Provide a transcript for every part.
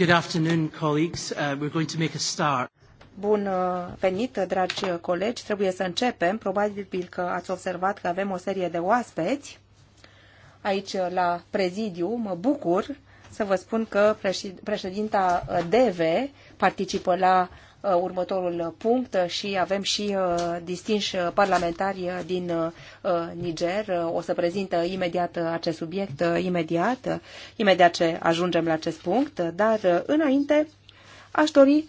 Good afternoon, colleagues. Uh, we're going to make a start. Bun uh, venit, dragi colegi. Trebuie să începem. Probabil că ați observat că avem o serie de oaspeți aici la prezidiu. Mă bucur să vă spun că președinta uh, DV participă la uh, următorul punct și avem și uh, distinși parlamentari din Niger. O să prezintă imediat acest subiect, imediat, imediat ce ajungem la acest punct, dar înainte aș dori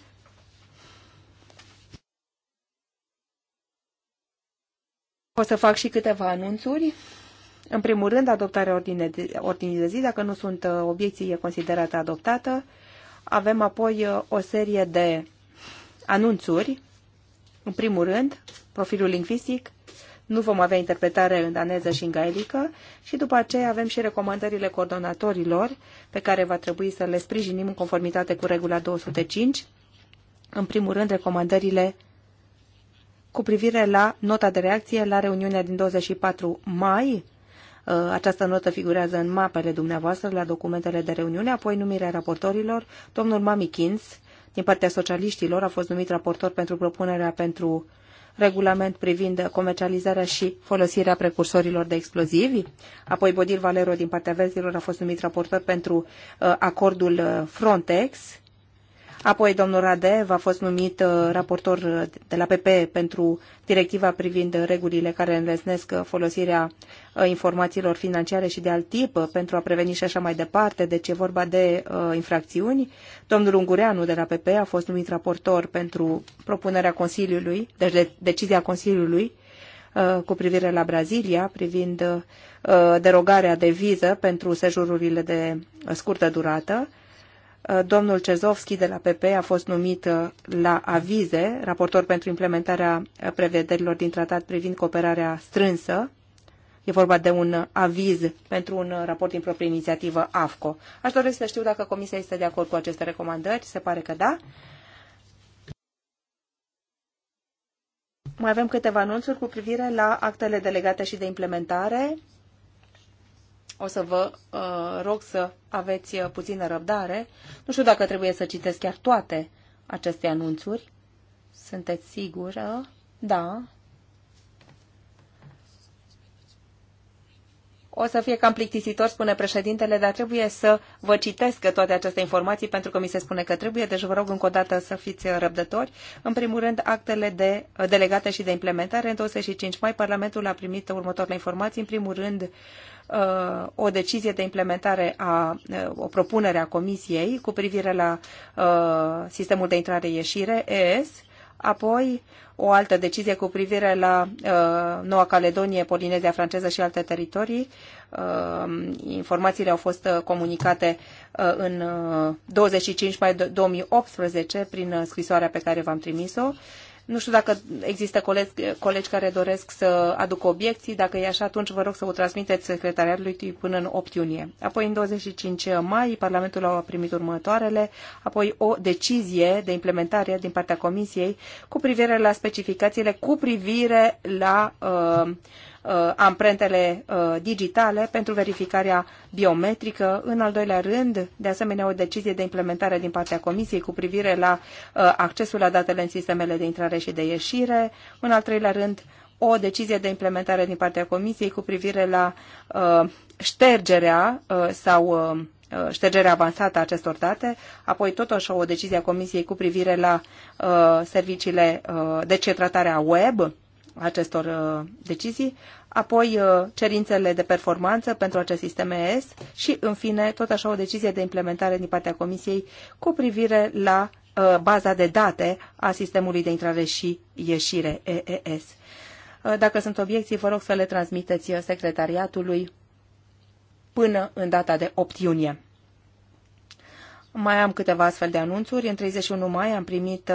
o să fac și câteva anunțuri. În primul rând, adoptarea ordinii de zi, dacă nu sunt uh, obiecții, e considerată adoptată. Avem apoi uh, o serie de anunțuri. În primul rând, profilul lingvistic, nu vom avea interpretare în daneză și în gaelică și după aceea avem și recomandările coordonatorilor pe care va trebui să le sprijinim în conformitate cu regula 205. În primul rând, recomandările cu privire la nota de reacție la reuniunea din 24 mai Uh, această notă figurează în mapele dumneavoastră la documentele de reuniune, apoi numirea raportorilor. Domnul Kins, din partea socialiștilor, a fost numit raportor pentru propunerea pentru regulament privind comercializarea și folosirea precursorilor de explozivi. Apoi Bodil Valero din partea verzilor a fost numit raportor pentru uh, acordul uh, Frontex Apoi domnul Rade a fost numit uh, raportor de la PP pentru directiva privind regulile care înlesnesc folosirea uh, informațiilor financiare și de alt tip uh, pentru a preveni și așa mai departe, deci e vorba de infracțiuni. Domnul Ungureanu de la PP a fost numit raportor pentru propunerea Consiliului, deci de decizia Consiliului cu privire la Brazilia, privind derogarea de viză pentru sejururile de scurtă durată. Uh, domnul Cezovski de la PP a fost numit uh, la avize, raportor pentru implementarea uh, prevederilor din tratat privind cooperarea strânsă. E vorba de un aviz pentru un raport din proprie inițiativă AFCO. Aș dori să știu dacă Comisia este de acord cu aceste recomandări. Se pare că da. Mai avem câteva anunțuri cu privire la actele delegate și de implementare o să vă uh, rog să aveți uh, puțină răbdare. Nu știu dacă trebuie să citesc chiar toate aceste anunțuri. Sunteți sigură? Da, O să fie cam plictisitor, spune președintele, dar trebuie să vă citesc toate aceste informații pentru că mi se spune că trebuie, deci vă rog încă o dată să fiți răbdători. În primul rând, actele de delegate și de implementare. În 25 mai, Parlamentul a primit următoarele informații. În primul rând, uh, o decizie de implementare a uh, o propunere a Comisiei cu privire la uh, sistemul de intrare-ieșire ES Apoi, o altă decizie cu privire la uh, Noua Caledonie, Polinezia franceză și alte teritorii. Uh, informațiile au fost uh, comunicate uh, în 25 uh, mai 2018 prin uh, scrisoarea pe care v-am trimis-o nu știu dacă există colegi, colegi care doresc să aducă obiecții. Dacă e așa, atunci vă rog să o transmiteți secretariatului până în 8 iunie. Apoi, în 25 mai, Parlamentul a primit următoarele, apoi o decizie de implementare din partea Comisiei cu privire la specificațiile, cu privire la uh, Uh, amprentele uh, digitale pentru verificarea biometrică. În al doilea rând, de asemenea, o decizie de implementare din partea Comisiei cu privire la uh, accesul la datele în sistemele de intrare și de ieșire. În al treilea rând, o decizie de implementare din partea Comisiei cu privire la uh, ștergerea uh, sau uh, ștergerea avansată a acestor date, apoi totuși o decizie a Comisiei cu privire la uh, serviciile uh, de cetratare a web, acestor uh, decizii, apoi uh, cerințele de performanță pentru acest sistem ES și, în fine, tot așa o decizie de implementare din partea Comisiei cu privire la uh, baza de date a sistemului de intrare și ieșire EES. Dacă sunt obiecții, vă rog să le transmiteți secretariatului până în data de 8 iunie. Mai am câteva astfel de anunțuri. În 31 mai am primit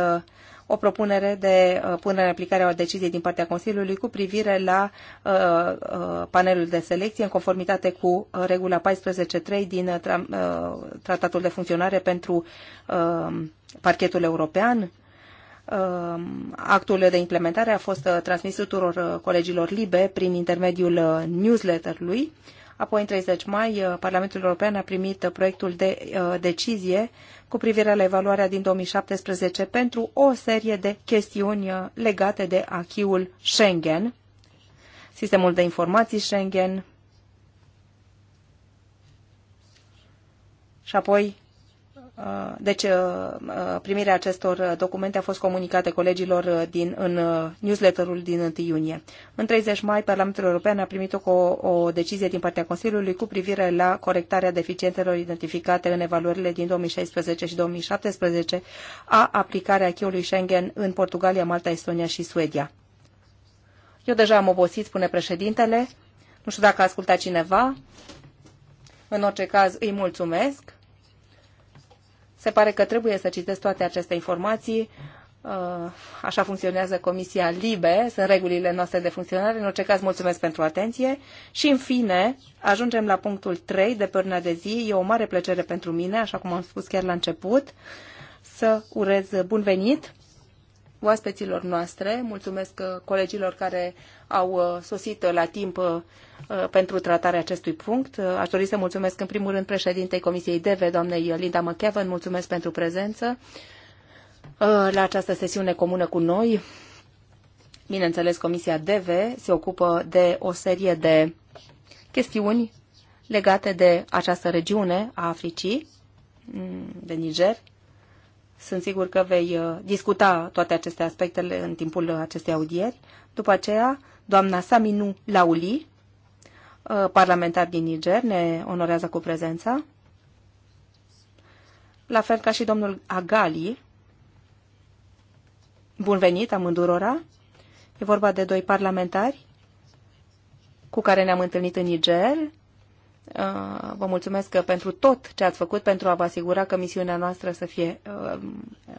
o propunere de uh, punere în aplicare a deciziei din partea Consiliului cu privire la uh, uh, panelul de selecție în conformitate cu regula 14.3 din Tratatul de Funcționare pentru parchetul european. Actul de implementare a fost transmis tuturor colegilor libe prin intermediul newsletterului. ului Apoi, în 30 mai, uh, Parlamentul European a primit proiectul de uh, decizie cu privire la evaluarea din 2017 pentru o serie de chestiuni uh, legate de achiul Schengen, sistemul de informații Schengen și apoi Uh, deci uh, uh, primirea acestor documente a fost comunicată colegilor din, în newsletterul din 1 iunie. În 30 mai, Parlamentul European a primit o, o decizie din partea Consiliului cu privire la corectarea deficiențelor identificate în evaluările din 2016 și 2017 a aplicarea acquis Schengen în Portugalia, Malta, Estonia și Suedia. Eu deja am obosit, spune președintele. Nu știu dacă a ascultat cineva. În orice caz, îi mulțumesc se pare că trebuie să citesc toate aceste informații. Uh, așa funcționează Comisia LIBE, sunt regulile noastre de funcționare. În orice caz, mulțumesc pentru atenție. Și, în fine, ajungem la punctul 3 de pe de zi. E o mare plăcere pentru mine, așa cum am spus chiar la început, să urez bun venit oaspeților noastre, mulțumesc uh, colegilor care au uh, sosit uh, la timp pentru tratarea acestui punct. Aș dori să mulțumesc în primul rând președintei Comisiei DV, doamnei Linda McKevin, mulțumesc pentru prezență la această sesiune comună cu noi. Bineînțeles, Comisia DV se ocupă de o serie de chestiuni legate de această regiune a Africii, mm, de Niger, sunt sigur că vei uh, discuta toate aceste aspecte în timpul acestei audieri. După aceea, doamna Saminu Lauli, uh, parlamentar din Niger, ne onorează cu prezența. La fel ca și domnul Agali. Bun venit amândurora. E vorba de doi parlamentari cu care ne-am întâlnit în Niger Uh, vă mulțumesc pentru tot ce ați făcut pentru a vă asigura că misiunea noastră să fie, uh,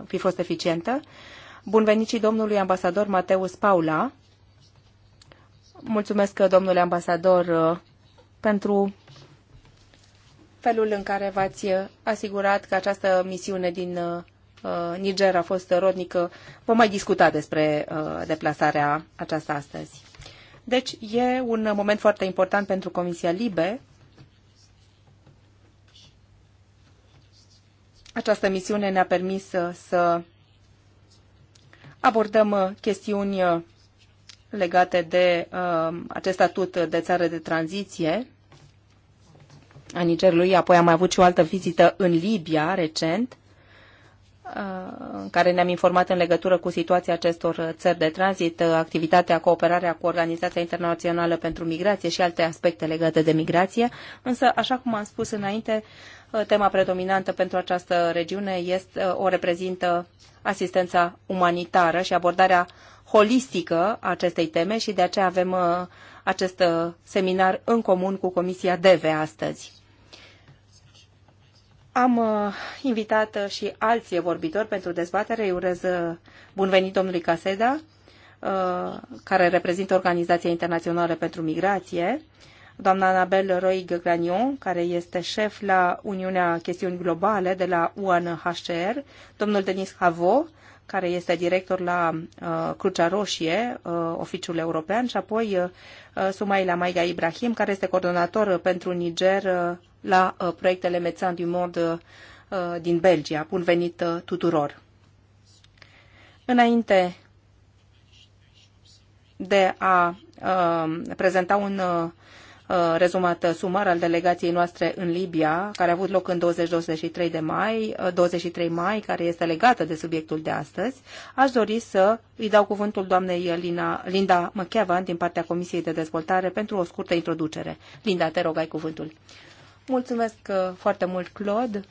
fi fost eficientă. Bun venit și domnului ambasador Mateus Paula. Mulțumesc, domnule ambasador, uh, pentru felul în care v-ați asigurat că această misiune din Niger a fost rodnică. Vom mai discuta despre deplasarea aceasta astăzi. Deci e un moment foarte important pentru Comisia Libe Această misiune ne-a permis să abordăm chestiuni legate de uh, acest statut de țară de tranziție a Nigerului. Apoi am avut și o altă vizită în Libia recent, uh, în care ne-am informat în legătură cu situația acestor țări de tranzit, uh, activitatea, cooperarea cu Organizația Internațională pentru Migrație și alte aspecte legate de migrație. Însă, așa cum am spus înainte, uh, Uh, tema predominantă pentru această regiune este, uh, o reprezintă asistența umanitară și abordarea holistică a acestei teme și de aceea avem uh, acest seminar în comun cu Comisia DEVE astăzi. Am invitat și alți vorbitori pentru dezbatere. Îi urez bun venit domnului Caseda, care reprezintă Organizația Internațională pentru Migrație doamna Anabel Roig Granion, care este șef la Uniunea Chestiuni Globale de la UNHCR, domnul Denis Havo, care este director la uh, Crucea Roșie, uh, oficiul european, și apoi uh, Sumaila Maiga Ibrahim, care este coordonator pentru Niger uh, la uh, proiectele Mețan du Mod uh, din Belgia. Bun venit uh, tuturor! Înainte de a uh, prezenta un uh, Uh, rezumat sumar al delegației noastre în Libia, care a avut loc în 20-23 de mai, 23 uh, mai, care este legată de subiectul de astăzi, aș dori să îi dau cuvântul doamnei Lina, Linda McEvan din partea Comisiei de Dezvoltare pentru o scurtă introducere. Linda, te rog, ai cuvântul. Mulțumesc uh, foarte mult, Claude.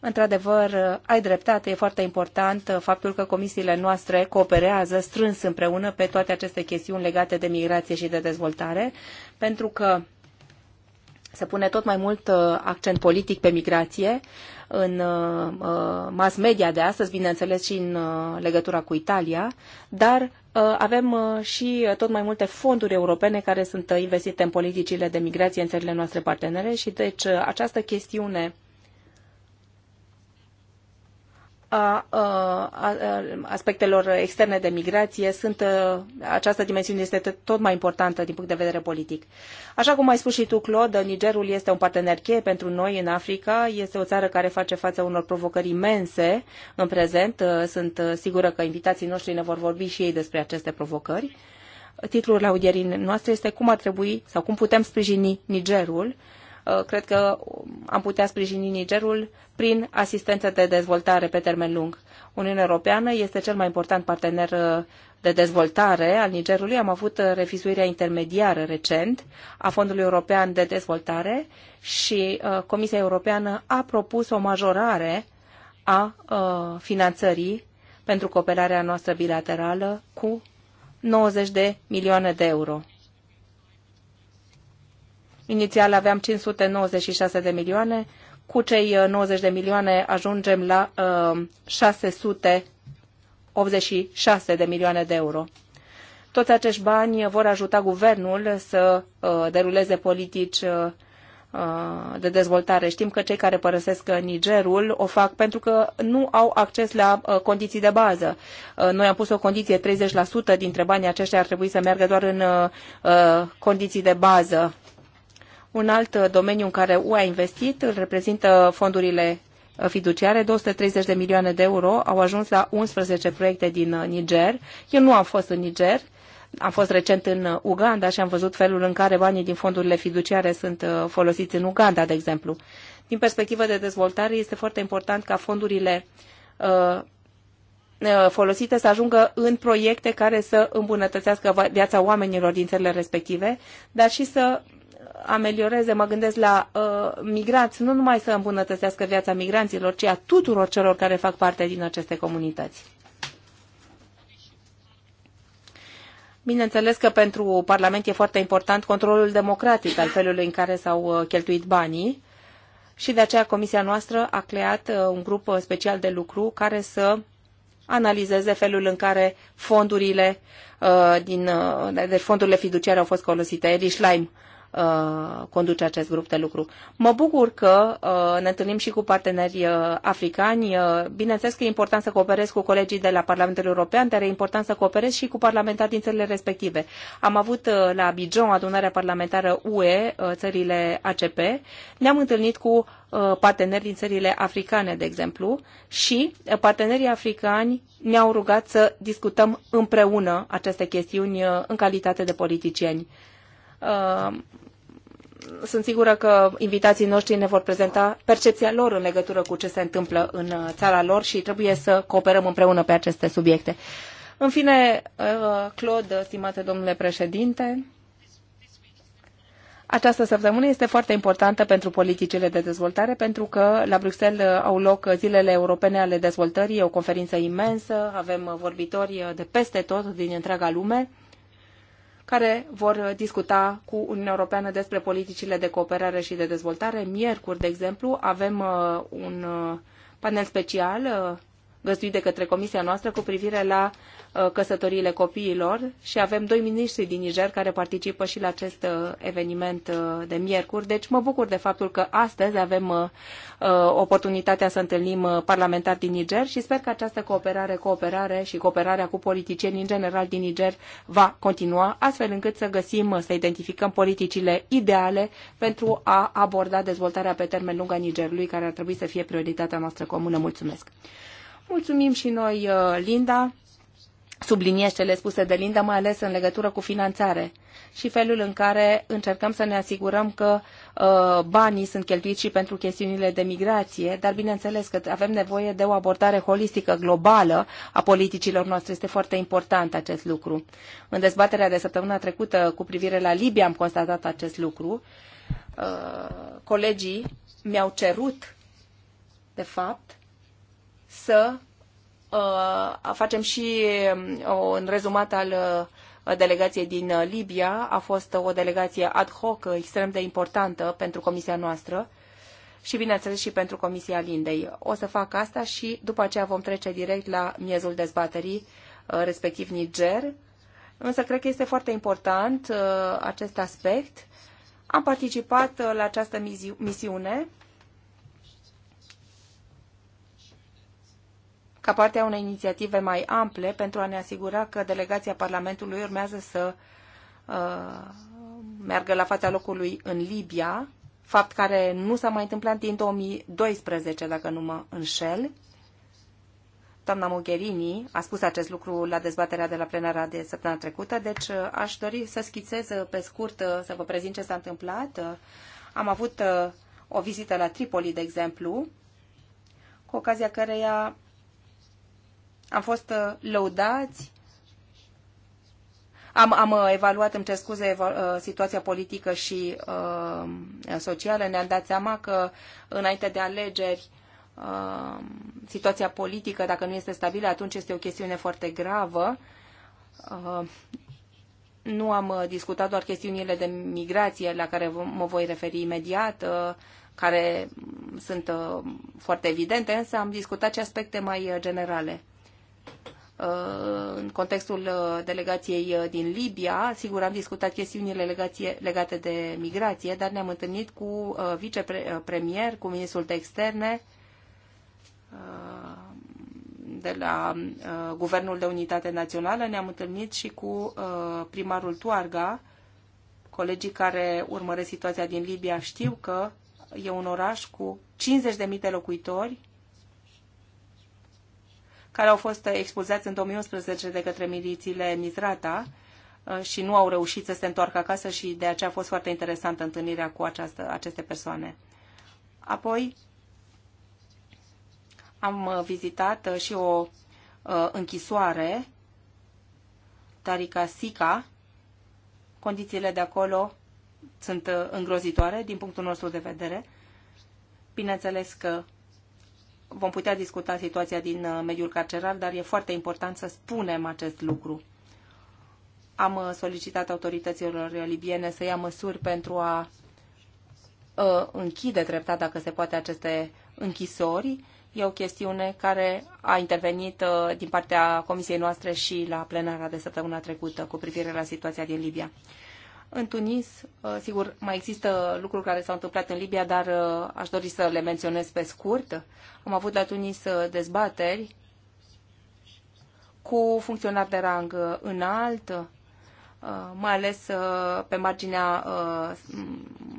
Într-adevăr, ai dreptate, e foarte important faptul că comisiile noastre cooperează strâns împreună pe toate aceste chestiuni legate de migrație și de dezvoltare, pentru că se pune tot mai mult uh, accent politic pe migrație în uh, uh, mass media de astăzi, bineînțeles și în legătura cu Italia, dar avem și tot mai multe fonduri europene care sunt investite în politicile de migrație în țările noastre partenere și deci această chestiune a, aspectelor externe de migrație, sunt, această dimensiune este tot mai importantă din punct de vedere politic. Așa cum ai spus și tu, Claude, Nigerul este un partener cheie pentru noi în Africa, este o țară care face față unor provocări imense în prezent. Sunt sigură că invitații noștri ne vor vorbi și ei despre aceste provocări. Titlul audierii noastre este cum ar trebui sau cum putem sprijini Nigerul uh, Uh, cred că am putea sprijini Nigerul prin asistență de dezvoltare pe termen lung. Uniunea Europeană este cel mai important partener uh, de dezvoltare al Nigerului. Am avut uh, revizuirea intermediară recent a Fondului European de Dezvoltare și Comisia Europeană a propus o majorare a finanțării pentru cooperarea noastră bilaterală cu 90 de milioane de euro. Inițial aveam 596 de milioane, cu cei 90 uh, de milioane ajungem la uh, 686 de milioane de euro. Toți acești bani vor ajuta guvernul să uh, deruleze politici uh, uh de dezvoltare. Știm că cei care părăsesc uh, Nigerul o fac pentru că nu au acces la condiții de bază. Noi am pus o condiție, 30% dintre banii aceștia ar trebui să meargă doar în condiții de bază un alt uh, domeniu în care UE a investit îl reprezintă fondurile uh, fiduciare, 230 de milioane de euro au ajuns la 11 proiecte din uh, Niger. Eu nu am fost în Niger, am fost recent în Uganda și am văzut felul în care banii din fondurile fiduciare sunt folosiți în Uganda, de exemplu. Din perspectivă de dezvoltare, este foarte important ca fondurile folosite să ajungă în proiecte care să îmbunătățească viața oamenilor din țările respective, dar și să amelioreze, mă gândesc la uh, migranți, nu numai să îmbunătățească viața migranților, ci a tuturor celor care fac parte din aceste comunități. Bineînțeles că pentru Parlament e foarte important controlul democratic al felului în care s-au uh, cheltuit banii și de aceea comisia noastră a creat uh, un grup uh, special de lucru care să analizeze felul în care fondurile din, de fondurile fiduciare au fost folosite. Eri Schleim uh, conduce acest grup de lucru. Mă bucur că uh, ne întâlnim și cu parteneri uh, africani. Uh, bineînțeles că e important să cooperez cu colegii de la Parlamentul European, dar e important să cooperez și cu parlamentari din țările respective. Am avut uh, la Abidjan adunarea parlamentară UE, uh, țările ACP. Ne-am întâlnit cu uh, parteneri din țările africane, de exemplu, și uh, partenerii africani ne-au rugat să discutăm împreună aceste chestiuni uh, în calitate de politicieni. Uh, sunt sigură că invitații noștri ne vor prezenta percepția lor în legătură cu ce se întâmplă în uh, țara lor și trebuie să cooperăm împreună pe aceste subiecte. În fine, uh, Claude, stimate domnule președinte, această săptămână este foarte importantă pentru politicile de dezvoltare, pentru că la Bruxelles au loc zilele europene ale dezvoltării, o conferință imensă, avem vorbitori de peste tot din întreaga lume care vor uh, discuta cu Uniunea Europeană despre politicile de cooperare și de dezvoltare. Miercuri, de exemplu, avem uh, un uh, panel special găzduit de către comisia noastră cu privire la uh, căsătoriile copiilor și avem doi miniștri din Niger care participă și la acest uh, eveniment uh, de miercuri. Deci mă bucur de faptul că astăzi avem oportunitatea să întâlnim parlamentari din Niger și sper că această cooperare, cooperare și cooperarea cu politicieni în general din Niger va continua, astfel încât să găsim, să identificăm politicile ideale pentru a aborda dezvoltarea pe termen lung a Nigerului, care ar trebui să fie prioritatea noastră comună. Mulțumesc! Mulțumim și noi, uh, Linda. Subliniez cele spuse de Linda, mai ales în legătură cu finanțare și felul în care încercăm să ne asigurăm că uh, banii sunt cheltuiți și pentru chestiunile de migrație, dar bineînțeles că avem nevoie de o abordare holistică, globală a politicilor noastre. Este foarte important acest lucru. În dezbaterea de săptămâna trecută cu privire la Libia am constatat acest lucru. Uh, colegii mi-au cerut, de fapt, să uh, facem și um, un rezumat al uh, delegației din uh, Libia. A fost o delegație ad hoc extrem de importantă pentru comisia noastră și, bineînțeles, și pentru Comisia Lindei. O să fac asta și după aceea vom trece direct la miezul dezbaterii, uh, respectiv Niger. Însă cred că este foarte important acest aspect. Am participat la această misiune ca parte a unei inițiative mai ample pentru a ne asigura că delegația Parlamentului urmează să uh, meargă la fața locului în Libia, fapt care nu s-a mai întâmplat din 2012, dacă nu mă înșel. Doamna Mogherini a spus acest lucru la dezbaterea de la plenara de săptămâna trecută, deci uh, aș dori să schițez uh, pe scurt, uh, să vă prezint ce s-a întâmplat. Am avut o vizită la Tripoli, de exemplu, cu ocazia căreia am fost uh, lăudați, am, am uh, evaluat, îmi cer scuze, uh, situația politică și uh, socială. Ne-am dat seama că înainte de alegeri uh, situația politică, dacă nu este stabilă, atunci este o chestiune foarte gravă. Uh, nu am discutat doar chestiunile de migrație, la care mă voi referi imediat, care sunt foarte evidente, însă am discutat și aspecte mai generale. Uh, în contextul uh, delegației uh, din Libia. Sigur, am discutat chestiunile legate de migrație, dar ne-am întâlnit cu vicepremier, cu ministrul de externe de la Guvernul de Unitate Națională, ne-am întâlnit și cu primarul Tuarga. Colegii care urmăresc situația din Libia știu că e un oraș cu 50.000 de locuitori, care au fost expulzați în 2011 de către milițiile Nizrata uh, și nu au reușit să se întoarcă acasă și de aceea a fost foarte interesantă întâlnirea cu această, aceste persoane. Apoi am uh, vizitat uh, și o închisoare, Tarica Sica. Condițiile de acolo sunt îngrozitoare din punctul nostru de vedere. Bineînțeles că vom putea discuta situația din uh, mediul carcerar, dar e foarte important să spunem acest lucru. Am uh, solicitat autorităților uh, libiene să ia măsuri pentru a închide treptat, dacă se poate, aceste închisori. E o chestiune care a intervenit din partea comisiei noastre și la plenara de săptămâna trecută cu privire la situația din Libia. În Tunis, uh, sigur, mai există lucruri care s-au întâmplat în Libia, dar uh, aș dori să le menționez pe scurt. Am avut la Tunis uh, dezbateri cu funcționari de rang înalt, mai ales pe marginea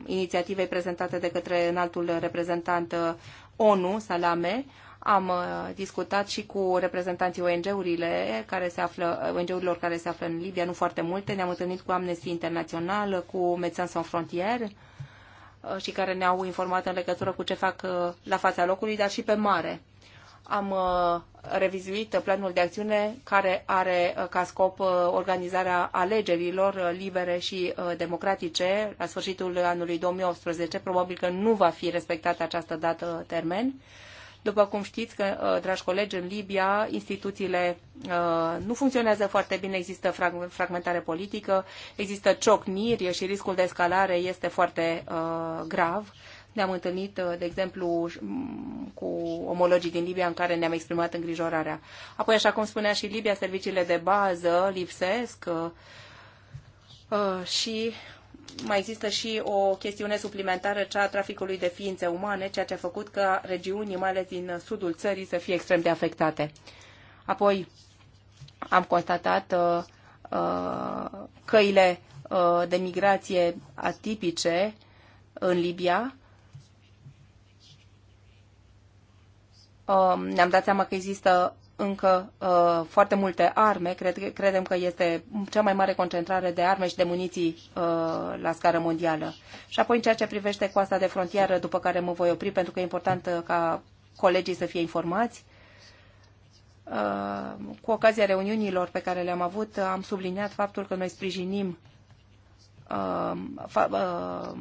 inițiativei prezentate de către înaltul reprezentant ONU, Salame, am uh, discutat și cu reprezentanții ONG-urile care se află, ONG-urilor care se află în Libia, nu foarte multe. Ne-am întâlnit cu Amnesty International, cu Médecins Sans Frontières uh, și care ne-au informat în legătură cu ce fac uh, la fața locului, dar și pe mare. Am revizuit planul de acțiune care are ca scop organizarea alegerilor libere și democratice la sfârșitul anului 2018. Probabil că nu va fi respectată această dată termen după cum știți, că, uh, dragi colegi, în Libia instituțiile uh, nu funcționează foarte bine, există fragmentare politică, există ciocniri și riscul de escalare este foarte uh, grav. Ne-am întâlnit, de exemplu, mm, cu omologii din Libia în care ne-am exprimat îngrijorarea. Apoi, așa cum spunea și Libia, serviciile de bază lipsesc și mai există și o chestiune suplimentară, cea a traficului de ființe umane, ceea ce a făcut ca regiunii, mai ales din sudul țării, să fie extrem de afectate. Apoi am constatat uh, uh, căile uh, de migrație atipice în Libia. Uh, ne-am dat seama că există încă uh, foarte multe arme. Cred, credem că este cea mai mare concentrare de arme și de muniții uh, la scară mondială. Și apoi în ceea ce privește coasta de frontieră, după care mă voi opri pentru că e important uh, ca colegii să fie informați. Uh, cu ocazia reuniunilor pe care le-am avut, uh, am subliniat faptul că noi sprijinim uh, fa, uh,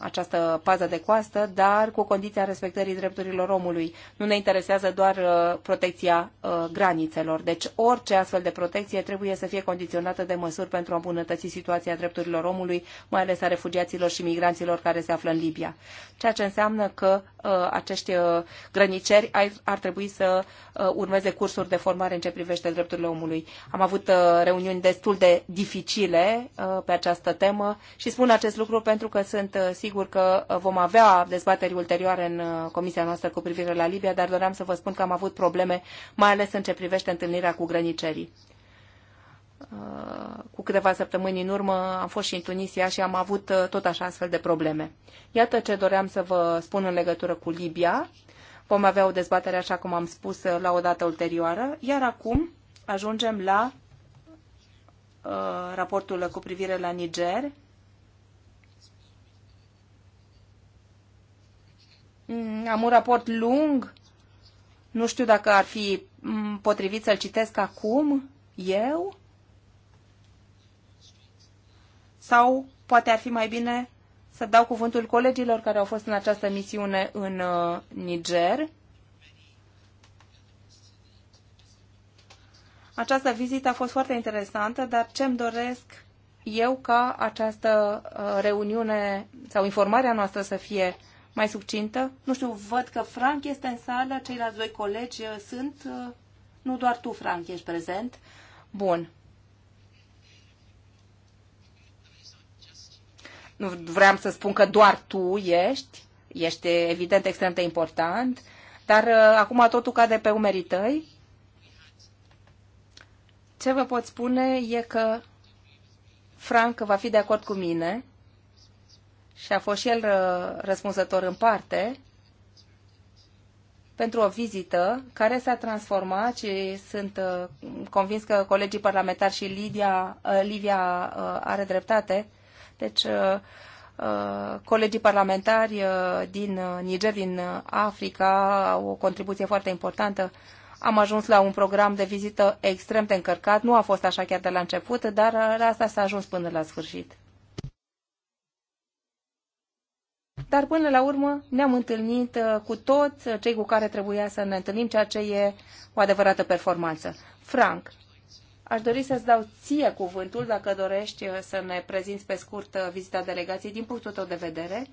această pază de coastă, dar cu condiția respectării drepturilor omului. Nu ne interesează doar uh, protecția uh, granițelor. Deci orice astfel de protecție trebuie să fie condiționată de măsuri pentru a îmbunătăți situația drepturilor omului, mai ales a refugiaților și migranților care se află în Libia. Ceea ce înseamnă că uh, acești grăniceri ar trebui să urmeze cursuri de formare în ce privește drepturile omului. Am avut reuniuni destul de dificile pe această temă și spun acest lucru pentru că sunt sigur că vom avea dezbateri ulterioare în uh, comisia noastră cu privire la Libia, dar doream să vă spun că am avut probleme, mai ales în ce privește întâlnirea cu grănicerii. Uh, cu câteva săptămâni în urmă am fost și în Tunisia și am avut uh, tot așa astfel de probleme. Iată ce doream să vă spun în legătură cu Libia. Vom avea o dezbatere, așa cum am spus, la o dată ulterioară, iar acum ajungem la raportul cu privire la Niger, Mm, am un raport lung, nu știu dacă ar fi mm, potrivit să-l citesc acum, eu? Sau poate ar fi mai bine să dau cuvântul colegilor care au fost în această misiune în uh, Niger. Această vizită a fost foarte interesantă, dar ce-mi doresc eu ca această uh, reuniune sau informarea noastră să fie mai succintă. Nu știu, văd că Frank este în sală, ceilalți doi colegi uh, sunt. Uh, nu doar tu, Frank, ești prezent. Bun. Nu vreau să spun că doar tu ești. Ești evident extrem de important. Dar uh, acum totul cade pe umerii tăi. Ce vă pot spune e că Frank va fi de acord cu mine și a fost și el uh, răspunzător în parte pentru o vizită care s-a transformat și sunt uh, convins că colegii parlamentari și Lidia, uh, Livia are dreptate. Deci colegii parlamentari din Niger, din Africa au o contribuție foarte importantă. Am ajuns la un program de vizită extrem de încărcat. Nu a fost așa chiar de la început, dar la asta s-a ajuns până la sfârșit. dar până la urmă ne-am întâlnit uh, cu toți uh, cei cu care trebuia să ne întâlnim, ceea ce e o adevărată performanță. Frank, aș dori să-ți dau ție cuvântul, dacă dorești uh, să ne prezinți pe scurt vizita delegației din punctul tău de vedere,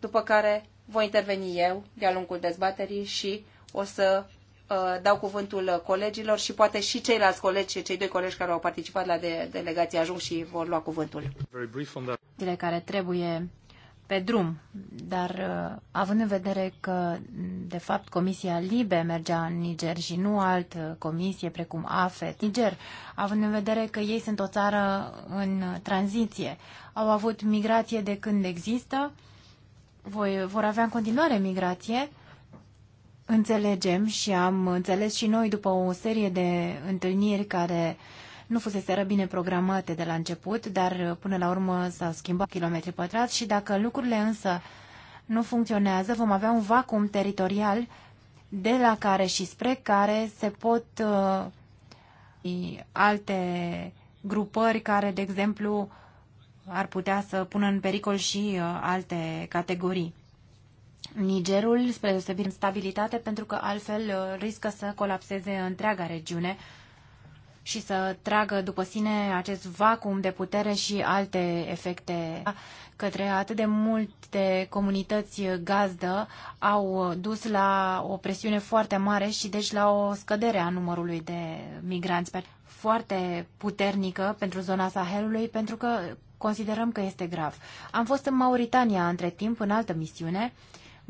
după care voi interveni eu de-a lungul dezbaterii și o să Uh, dau cuvântul colegilor și poate și ceilalți colegi, cei doi colegi care au participat la de, delegație ajung și vor lua cuvântul. Cele care trebuie pe drum, dar uh, având în vedere că, de fapt, Comisia Libe mergea în Niger și nu altă uh, comisie precum AFET, Niger, având în vedere că ei sunt o țară în tranziție, au avut migrație de când există, voi, vor avea în continuare migrație, Înțelegem și am înțeles și noi după o serie de întâlniri care nu fusese bine programate de la început, dar până la urmă s-au schimbat kilometri pătrați și dacă lucrurile însă nu funcționează, vom avea un vacuum teritorial de la care și spre care se pot uh, alte grupări care, de exemplu, ar putea să pună în pericol și uh, alte categorii. Nigerul, spre deosebire stabilitate, pentru că altfel uh, riscă să colapseze întreaga regiune și să tragă după sine acest vacuum de putere și alte efecte către atât de multe comunități gazdă au dus la o presiune foarte mare și deci la o scădere a numărului de migranți foarte puternică pentru zona Sahelului pentru că considerăm că este grav. Am fost în Mauritania între timp în altă misiune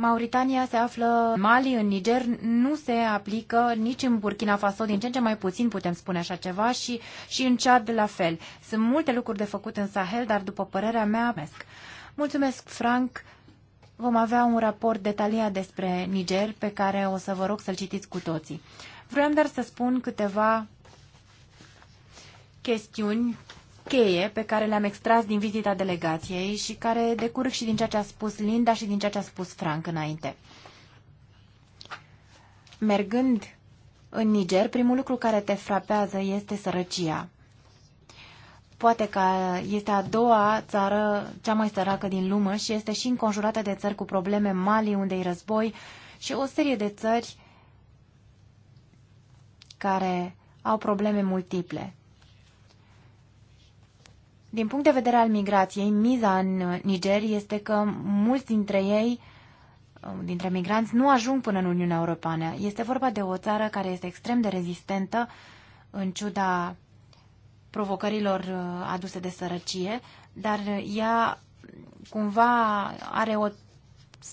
Mauritania se află în Mali, în Niger, nu se aplică nici în Burkina Faso, din ce în ce mai puțin putem spune așa ceva și, și în Chad la fel. Sunt multe lucruri de făcut în Sahel, dar după părerea mea, mesc. Mulțumesc, Frank. Vom avea un raport detaliat despre Niger pe care o să vă rog să-l citiți cu toții. Vreau doar să spun câteva chestiuni cheie pe care le-am extras din vizita delegației și care decurg și din ceea ce a spus Linda și din ceea ce a spus Frank înainte. Mergând în Niger, primul lucru care te frapează este sărăcia. Poate că este a doua țară cea mai săracă din lume și este și înconjurată de țări cu probleme mali unde e război și o serie de țări care au probleme multiple. Din punct de vedere al migrației, miza în Niger este că mulți dintre ei, dintre migranți, nu ajung până în Uniunea Europeană. Este vorba de o țară care este extrem de rezistentă în ciuda provocărilor uh, aduse de sărăcie, dar uh, ea cumva are o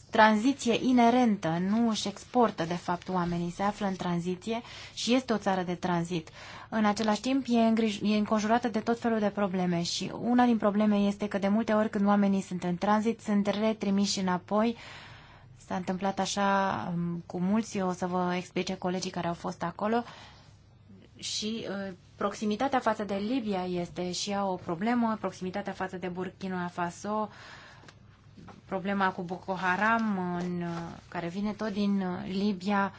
tranziție inerentă, nu își exportă de fapt oamenii, se află în tranziție și este o țară de tranzit. În același timp e, îngrij- e înconjurată de tot felul de probleme și una din probleme este că de multe ori când oamenii sunt în tranzit sunt retrimiși înapoi. S-a întâmplat așa um, cu mulți, eu o să vă explice colegii care au fost acolo și uh, proximitatea față de Libia este și ea o problemă, proximitatea față de Burkina Faso, problema cu Boko Haram, în, care vine tot din uh, Libia.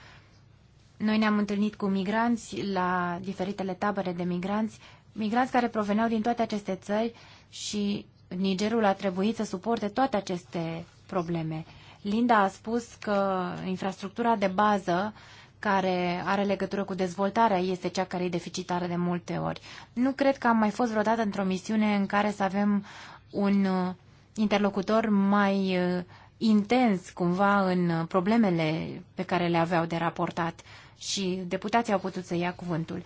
Noi ne-am întâlnit cu migranți la diferitele tabere de migranți, migranți care proveneau din toate aceste țări și Nigerul a trebuit să suporte toate aceste probleme. Linda a spus că infrastructura de bază care are legătură cu dezvoltarea este cea care e deficitară de multe ori. Nu cred că am mai fost vreodată într-o misiune în care să avem un uh, interlocutor mai uh, intens cumva în uh, problemele pe care le aveau de raportat și deputații au putut să ia cuvântul.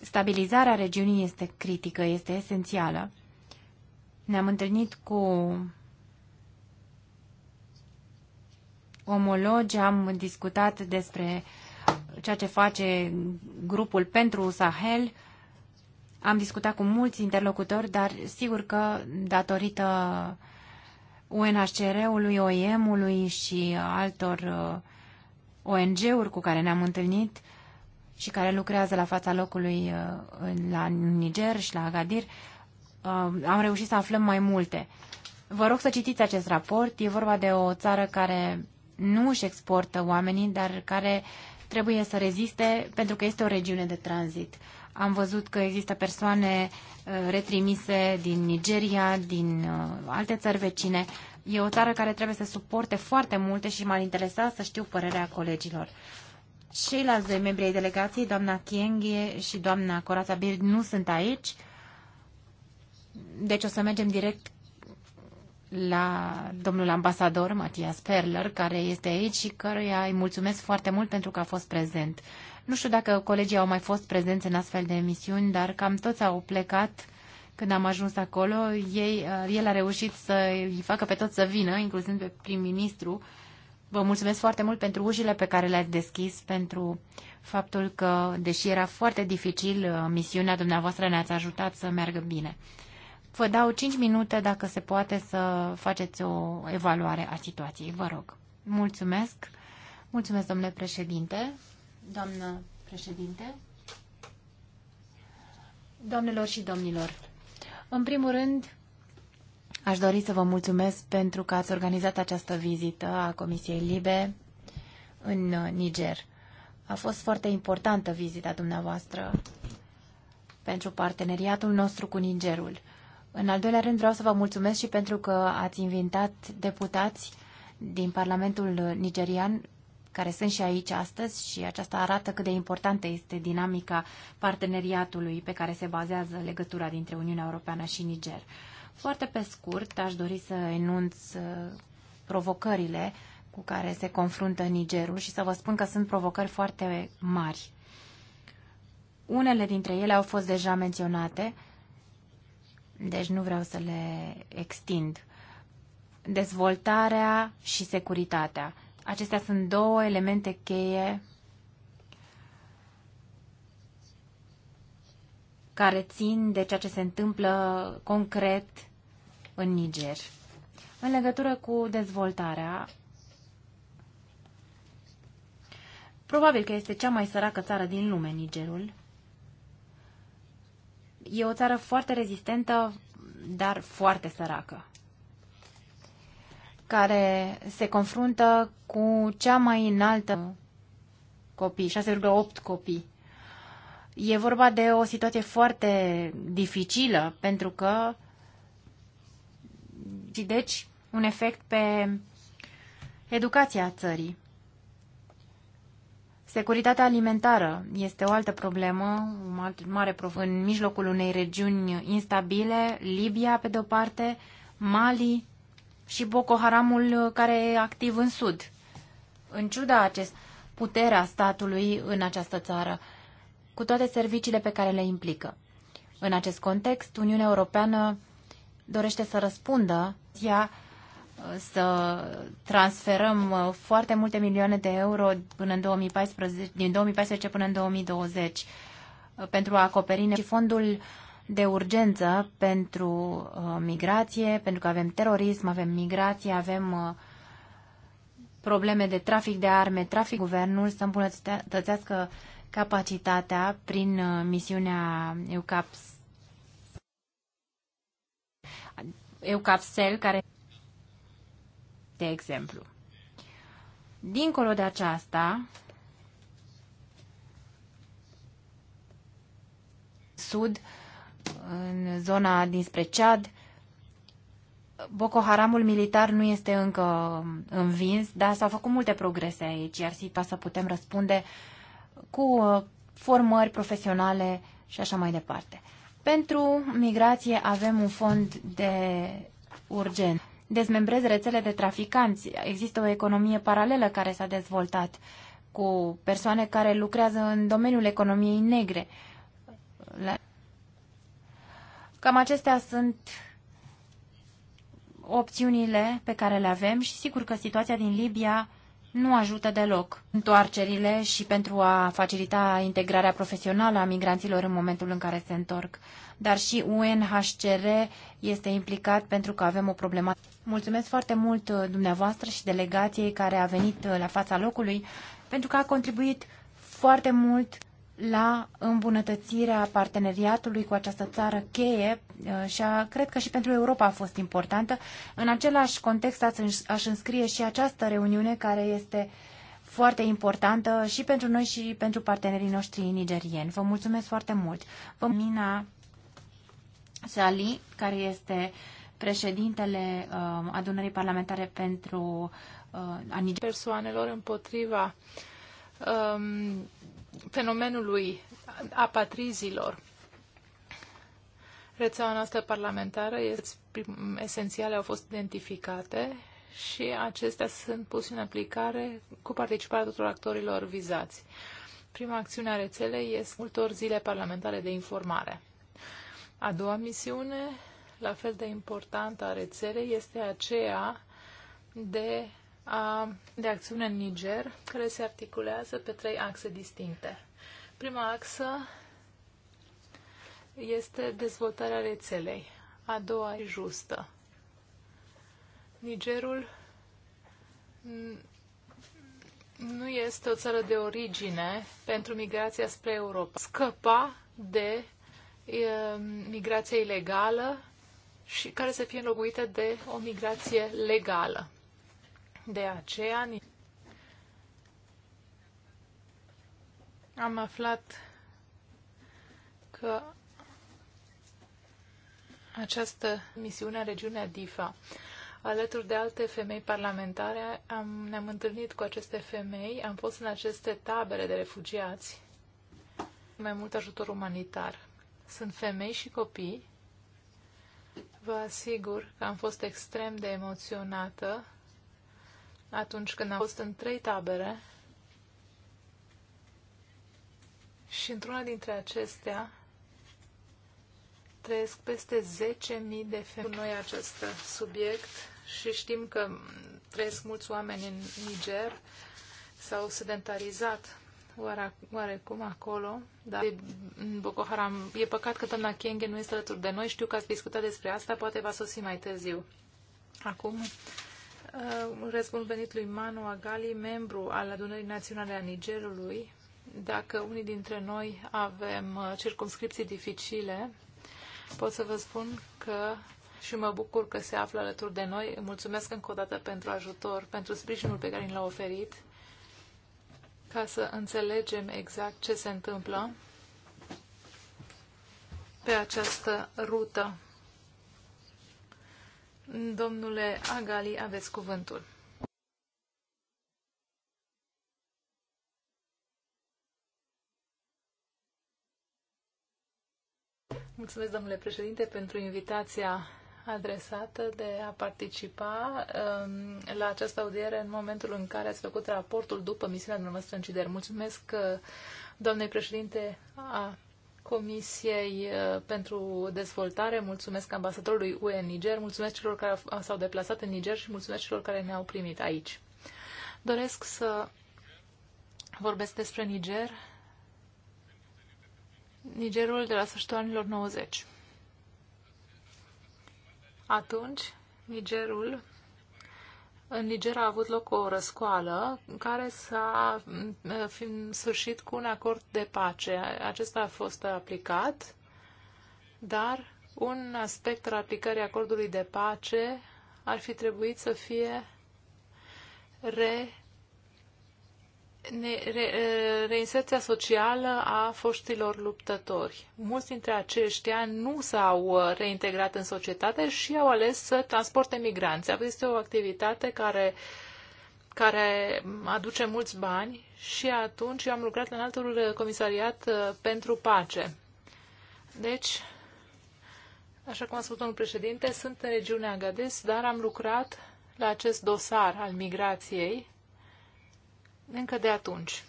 Stabilizarea regiunii este critică, este esențială. Ne-am întâlnit cu omologi, am discutat despre ceea ce face grupul pentru Sahel, am discutat cu mulți interlocutori, dar sigur că datorită uh, UNHCR-ului, OIM-ului și altor uh, ONG-uri cu care ne-am întâlnit și care lucrează la fața locului uh, la Niger și la Agadir, uh, am reușit să aflăm mai multe. Vă rog să citiți acest raport. E vorba de o țară care nu își exportă oamenii, dar care trebuie să reziste pentru că este o regiune de tranzit. Am văzut că există persoane uh, retrimise din Nigeria, din uh, alte țări vecine. E o țară care trebuie să suporte foarte multe și m-ar interesa să știu părerea colegilor. Ceilalți doi membri ai delegației, doamna Chienghe și doamna Corața Bird, nu sunt aici. Deci o să mergem direct la domnul ambasador Matias Perler, care este aici și căruia îi mulțumesc foarte mult pentru că a fost prezent nu știu dacă colegii au mai fost prezenți în astfel de emisiuni, dar cam toți au plecat când am ajuns acolo. Ei, uh, el a reușit să îi facă pe toți să vină, inclusiv pe prim-ministru. Vă mulțumesc foarte mult pentru ușile pe care le-ați deschis, pentru faptul că, deși era foarte dificil, uh, misiunea dumneavoastră ne-ați ajutat să meargă bine. Vă dau 5 minute dacă se poate să faceți o evaluare a situației. Vă rog. Mulțumesc. Mulțumesc, domnule președinte doamnă președinte, doamnelor și domnilor. În primul rând, aș dori să vă mulțumesc pentru că ați organizat această vizită a Comisiei Libe în Niger. A fost foarte importantă vizita dumneavoastră pentru parteneriatul nostru cu Nigerul. În al doilea rând vreau să vă mulțumesc și pentru că ați invitat deputați din Parlamentul nigerian care sunt și aici astăzi și aceasta arată cât de importantă este dinamica parteneriatului pe care se bazează legătura dintre Uniunea Europeană și Niger. Foarte pe scurt, aș dori să enunț uh, provocările cu care se confruntă Nigerul și să vă spun că sunt provocări foarte mari. Unele dintre ele au fost deja menționate, deci nu vreau să le extind. Dezvoltarea și securitatea. Acestea sunt două elemente cheie care țin de ceea ce se întâmplă concret în Niger. În legătură cu dezvoltarea, probabil că este cea mai săracă țară din lume, Nigerul. E o țară foarte rezistentă, dar foarte săracă care se confruntă cu cea mai înaltă copii, 6,8 copii. E vorba de o situație foarte dificilă pentru că și deci un efect pe educația țării. Securitatea alimentară este o altă problemă, o mare problemă în mijlocul unei regiuni instabile, Libia pe de-o parte, Mali și Boko Haramul uh, care e activ în sud. În ciuda acest puterea statului în această țară, cu toate serviciile pe care le implică. În acest context, Uniunea Europeană dorește să răspundă ea uh, să transferăm uh, foarte multe milioane de euro până în 2014, din 2014 până în 2020 pentru a acoperi și fondul de urgență pentru uh, migrație, pentru că avem terorism, avem migrație, avem uh, probleme de trafic de arme, trafic guvernul să îmbunătățească capacitatea prin uh, misiunea EUCAPS EUCAPSEL, care de exemplu. Dincolo de aceasta, Sud uh, în zona dinspre Cead. Boko Haramul militar nu este încă învins, dar s-au făcut multe progrese aici, iar SIPA să putem răspunde cu uh, formări profesionale și așa mai departe. Pentru migrație avem un fond de urgent. Dezmembrez rețele de traficanți. Există o economie paralelă care s-a dezvoltat cu persoane care lucrează în domeniul economiei negre. La Cam acestea sunt opțiunile pe care le avem și sigur că situația din Libia nu ajută deloc întoarcerile și pentru a facilita integrarea profesională a migranților în momentul în care se întorc. Dar și UNHCR este implicat pentru că avem o problemă. Mulțumesc foarte mult uh, dumneavoastră și delegației care a venit uh, la fața locului pentru că a contribuit foarte mult la îmbunătățirea parteneriatului cu această țară cheie uh, și a, cred că și pentru Europa a fost importantă. În același context aș înscrie și această reuniune care este foarte importantă și pentru noi și pentru partenerii noștri nigerieni. Vă mulțumesc foarte mult. Vă Mina Sali, care este președintele uh, adunării parlamentare pentru uh, a Niger... persoanelor împotriva um, fenomenului apatrizilor. Rețeaua noastră parlamentară este esențiale au fost identificate și acestea sunt puse în aplicare cu participarea tuturor actorilor vizați. Prima acțiune a rețelei este multor zile parlamentare de informare. A doua misiune, la fel de importantă a rețelei, este aceea de a, de acțiune în Niger, care se articulează pe trei axe distincte. Prima axă este dezvoltarea rețelei, a doua e justă. Nigerul nu este o țară de origine pentru migrația spre Europa. Scăpa de e, migrație ilegală și care să fie înlocuită de o migrație legală. De aceea am aflat că această misiune a regiunea DIFA. Alături de alte femei parlamentare am, ne-am întâlnit cu aceste femei, am fost în aceste tabere de refugiați, mai mult ajutor umanitar. Sunt femei și copii. Vă asigur că am fost extrem de emoționată atunci când am fost în trei tabere și într-una dintre acestea trăiesc peste 10.000 de femei. Noi acest subiect și știm că trăiesc mulți oameni în Niger, s-au sedentarizat oarecum acolo, dar în Boko Haram. E păcat că doamna Kenge nu este alături de noi. Știu că ați discutat despre asta, poate va sosi mai târziu. Acum Urez uh, bun venit lui Manu Agali, membru al Adunării Naționale a Nigerului. Dacă unii dintre noi avem uh, circumscripții dificile, pot să vă spun că și mă bucur că se află alături de noi. Mulțumesc încă o dată pentru ajutor, pentru sprijinul pe care ni l-a oferit, ca să înțelegem exact ce se întâmplă pe această rută Domnule Agali, aveți cuvântul. Mulțumesc, domnule președinte, pentru invitația adresată de a participa um, la această audiere în momentul în care ați făcut raportul după misiunea dumneavoastră în CIDER. Mulțumesc, uh, doamnei președinte a Comisiei uh, pentru Dezvoltare, mulțumesc ambasadorului UE în Niger, mulțumesc celor care s-au deplasat în Niger și mulțumesc celor care ne-au primit aici. Doresc să vorbesc despre Niger, Nigerul de la sfârșitul anilor 90. Atunci, Nigerul în Niger a avut loc o răscoală care s-a mm, sfârșit cu un acord de pace. Acesta a fost aplicat, dar un aspect al aplicării acordului de pace ar fi trebuit să fie re reinserția socială a foștilor luptători. Mulți dintre aceștia nu s-au reintegrat în societate și au ales să transporte migranți. Este o activitate care, care aduce mulți bani și atunci eu am lucrat în altul comisariat pentru pace. Deci, așa cum a spus domnul președinte, sunt în regiunea Gades, dar am lucrat la acest dosar al migrației încă de atunci.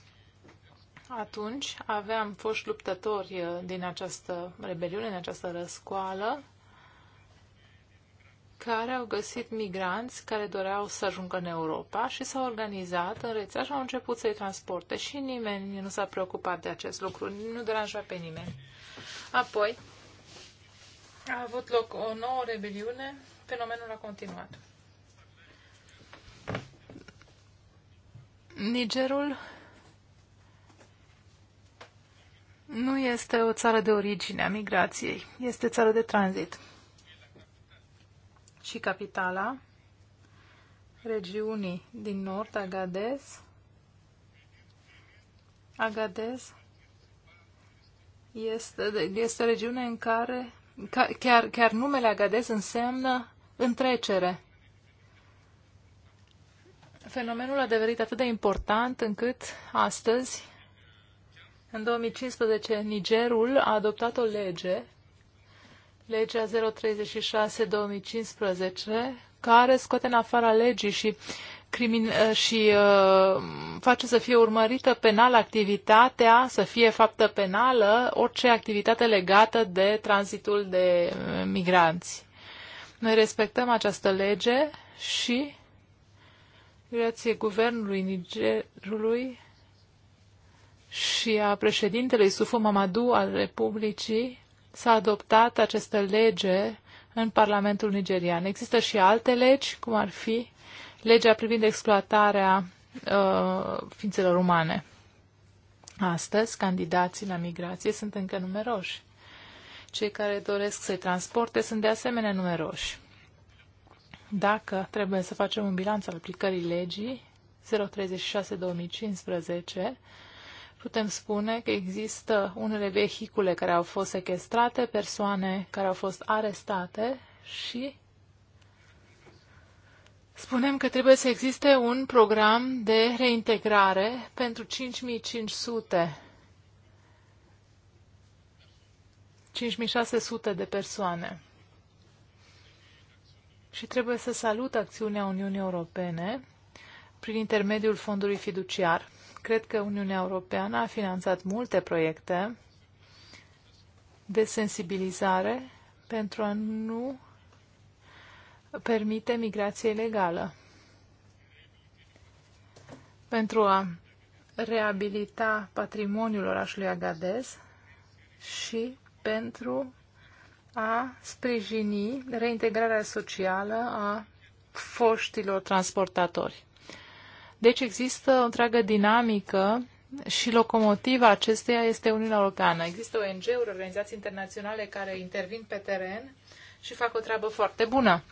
Atunci aveam fost luptători uh, din această rebeliune, din această răscoală, care au găsit migranți care doreau să ajungă în Europa și s-au organizat în rețea și au început să-i transporte și nimeni nu s-a preocupat de acest lucru, nu deranja pe nimeni. Apoi a avut loc o nouă rebeliune, fenomenul a continuat. Nigerul nu este o țară de origine a migrației, este țară de tranzit. Și capitala regiunii din nord, Agadez, Agadez este, este o regiune în care chiar, chiar numele Agadez înseamnă întrecere fenomenul a devenit atât de important încât astăzi, în 2015, Nigerul a adoptat o lege, legea 036-2015, care scoate în afara legii și, crimin, uh, și uh, face să fie urmărită penal activitatea, să fie faptă penală, orice activitate legată de tranzitul de uh, migranți. Noi respectăm această lege și grație guvernului Nigerului și a președintelui Sufu Mamadou al Republicii, s-a adoptat această lege în Parlamentul nigerian. Există și alte legi, cum ar fi legea privind exploatarea uh, ființelor umane. Astăzi, candidații la migrație sunt încă numeroși. Cei care doresc să i transporte sunt de asemenea numeroși dacă trebuie să facem un bilanț al aplicării legii 036-2015, putem spune că există unele vehicule care au fost sequestrate, persoane care au fost arestate și spunem că trebuie să existe un program de reintegrare pentru 5500 5600 de persoane și trebuie să salut acțiunea Uniunii Europene prin intermediul fondului fiduciar. Cred că Uniunea Europeană a finanțat multe proiecte de sensibilizare pentru a nu permite migrație ilegală. Pentru a reabilita patrimoniul orașului Agadez și pentru a sprijini reintegrarea socială a foștilor transportatori. Deci există o întreagă dinamică și locomotiva acesteia este Uniunea Europeană. Există ONG-uri, organizații internaționale care intervin pe teren și fac o treabă foarte bună.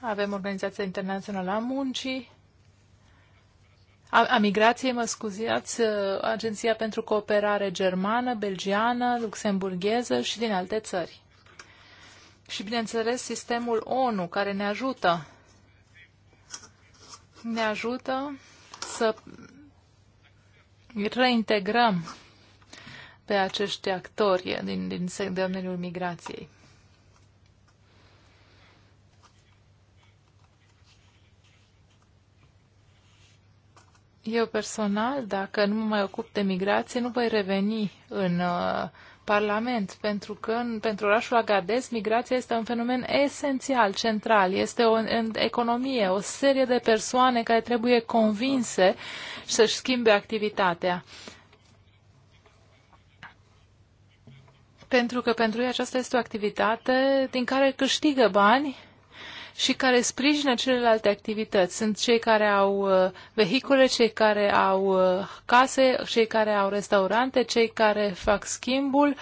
Avem Organizația Internațională a Muncii, a, a Migrației, mă scuziați, Agenția pentru Cooperare Germană, Belgiană, Luxemburgheză și din alte țări și, bineînțeles, sistemul ONU care ne ajută. Ne ajută să reintegrăm pe acești actori din, din domeniul migrației. Eu personal, dacă nu mă mai ocup de migrație, nu voi reveni în uh, Parlament, pentru că în, pentru orașul Agadez migrația este un fenomen esențial, central. Este o în economie, o serie de persoane care trebuie convinse să-și schimbe activitatea. Pentru că pentru ei aceasta este o activitate din care câștigă bani și care sprijină celelalte activități. Sunt cei care au uh, vehicule, cei care au uh, case, cei care au restaurante, cei care fac schimbul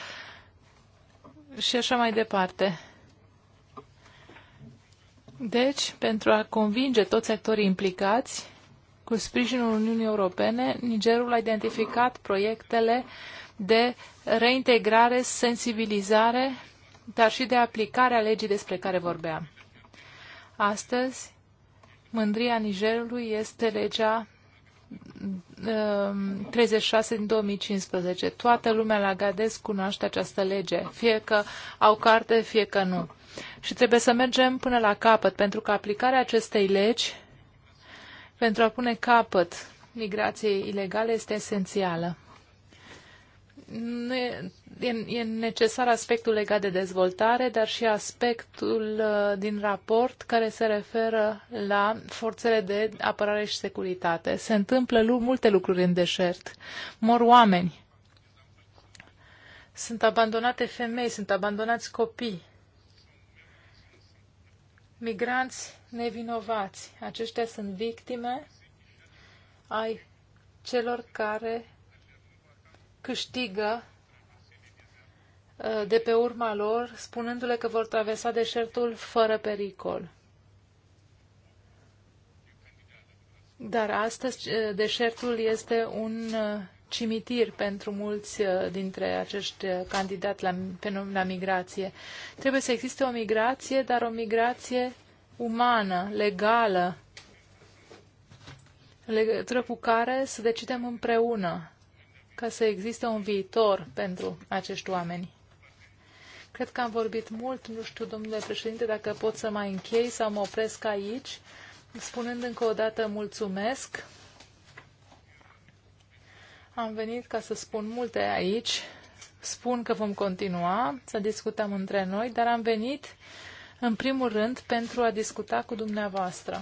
și așa mai departe. Deci, pentru a convinge toți actorii implicați, cu sprijinul Uniunii Europene, Nigerul a identificat proiectele de reintegrare, sensibilizare, dar și de aplicare a legii despre care vorbeam. Astăzi, mândria Nigerului este legea 36 um, din 2015. Toată lumea la Gades cunoaște această lege, fie că au carte, fie că nu. Și trebuie să mergem până la capăt, pentru că aplicarea acestei legi pentru a pune capăt migrației ilegale este esențială nu e, e, e necesar aspectul legat de dezvoltare, dar și aspectul uh, din raport care se referă la forțele de apărare și securitate. Se întâmplă multe lucruri în deșert. Mor oameni. Sunt abandonate femei, sunt abandonați copii. Migranți nevinovați. Aceștia sunt victime ai celor care câștigă uh, de pe urma lor, spunându-le că vor traversa deșertul fără pericol. Dar astăzi uh, deșertul este un uh, cimitir pentru mulți dintre acești candidați la, la migrație. Trebuie să existe o migrație, dar o migrație umană, legală, legătură cu care să decidem împreună ca să existe un viitor pentru acești oameni. Cred că am vorbit mult, nu știu, domnule președinte, dacă pot să mai închei sau mă opresc aici, spunând încă o dată mulțumesc. Am venit ca să spun multe aici, spun că vom continua să discutăm între noi, dar am venit în primul rând pentru a discuta cu dumneavoastră.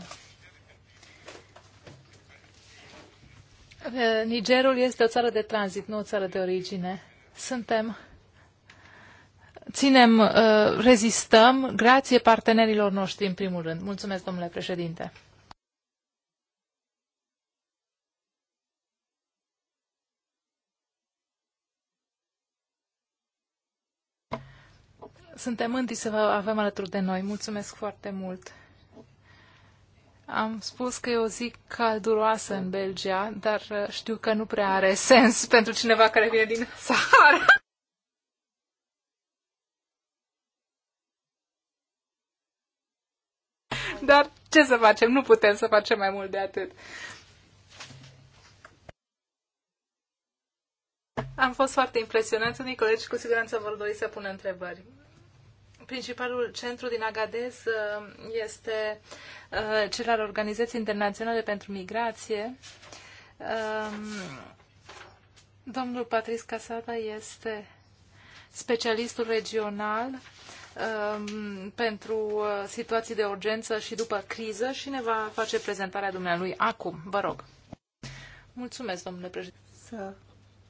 Nigerul este o țară de tranzit, nu o țară de origine. Suntem, ținem, rezistăm, grație partenerilor noștri, în primul rând. Mulțumesc, domnule președinte. Suntem mândri să vă avem alături de noi. Mulțumesc foarte mult. Am spus că e o zi călduroasă în Belgia, dar uh, știu că nu prea are sens pentru cineva care vine din Sahara. Dar ce să facem? Nu putem să facem mai mult de atât. Am fost foarte impresionat. Unii colegi cu siguranță vor dori să pună întrebări. Principalul centru din Agadez uh, este uh, cel al Organizației Internaționale pentru Migrație. Um, domnul Patrice Casada este specialistul regional um, pentru uh, situații de urgență și după criză și ne va face prezentarea dumnealui acum. Vă rog. Mulțumesc, domnule președinte. Să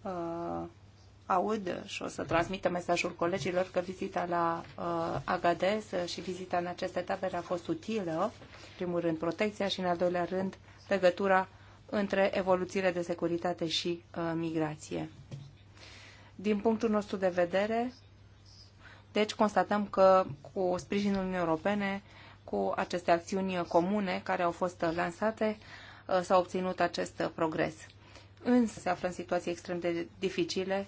uh, aud și o să transmită mesajul colegilor că vizita la uh, Agades și vizita în aceste tabere a fost utilă, în primul rând protecția și în al doilea rând legătura între evoluțiile de securitate și uh, migrație. Din punctul nostru de vedere, deci constatăm că cu sprijinul Uniunii Europene, cu aceste acțiuni comune care au fost lansate, uh, s-a obținut acest progres. Însă se află în situații extrem de dificile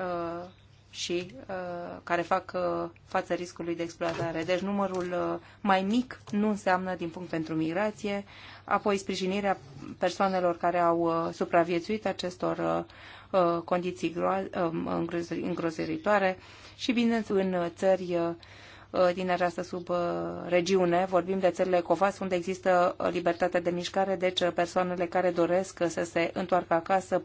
Uh, și uh, care fac uh, față riscului de exploatare. Deci numărul mai mic nu înseamnă din punct pentru migrație, apoi sprijinirea persoanelor care au supraviețuit acestor condiții îngrozitoare și, bineînțeles în țări Uh, din această subregiune. Vorbim de țările COVAS, unde există uh, libertate de mișcare, deci uh, persoanele care doresc să se întoarcă acasă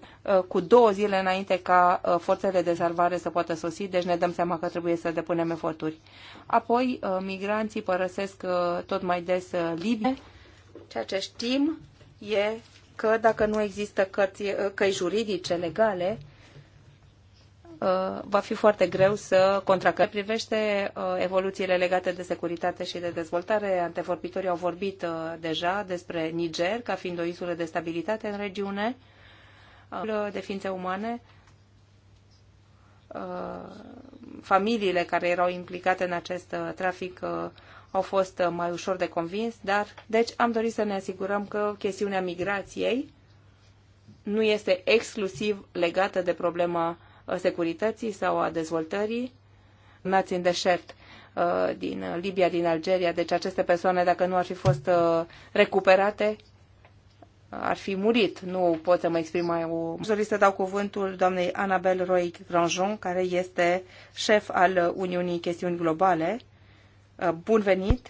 cu două zile înainte ca forțele de salvare să poată sosi, deci ne dăm seama că trebuie să depunem eforturi. Apoi, migranții părăsesc tot mai des Libia. Ceea ce știm e că dacă nu există căi juridice legale, Uh, va fi foarte greu să contracăm. Privește uh, evoluțiile legate de securitate și de dezvoltare, antevorbitorii au vorbit uh, deja despre Niger ca fiind o insulă de stabilitate în regiune de ființe umane, familiile care erau implicate în acest trafic au fost mai ușor de convins, dar deci am dorit să ne asigurăm că chestiunea migrației nu este exclusiv legată de problema securității sau a dezvoltării, nați în deșert uh, din Libia, din Algeria. Deci aceste persoane, dacă nu ar fi fost uh, recuperate, ar fi murit. Nu pot să mă exprim mai o... Aș să dau cuvântul doamnei Anabel Roy Granjon, care este șef al Uniunii Chestiuni Globale. Uh, bun venit!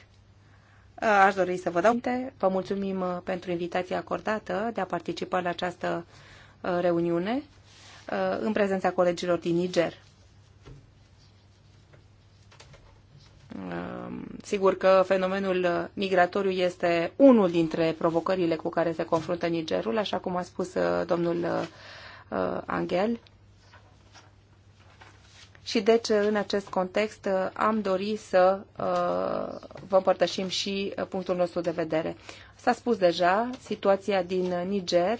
Aș dori să vă dau... Vă mulțumim pentru invitația acordată de a participa la această reuniune. Uh, în prezența colegilor din Niger. Um, sigur că fenomenul migratoriu este unul dintre provocările cu care se confruntă Nigerul, așa cum a spus uh, domnul uh, Angel. Și deci, în acest context, am dorit să vă împărtășim și punctul nostru de vedere. S-a spus deja, situația din Niger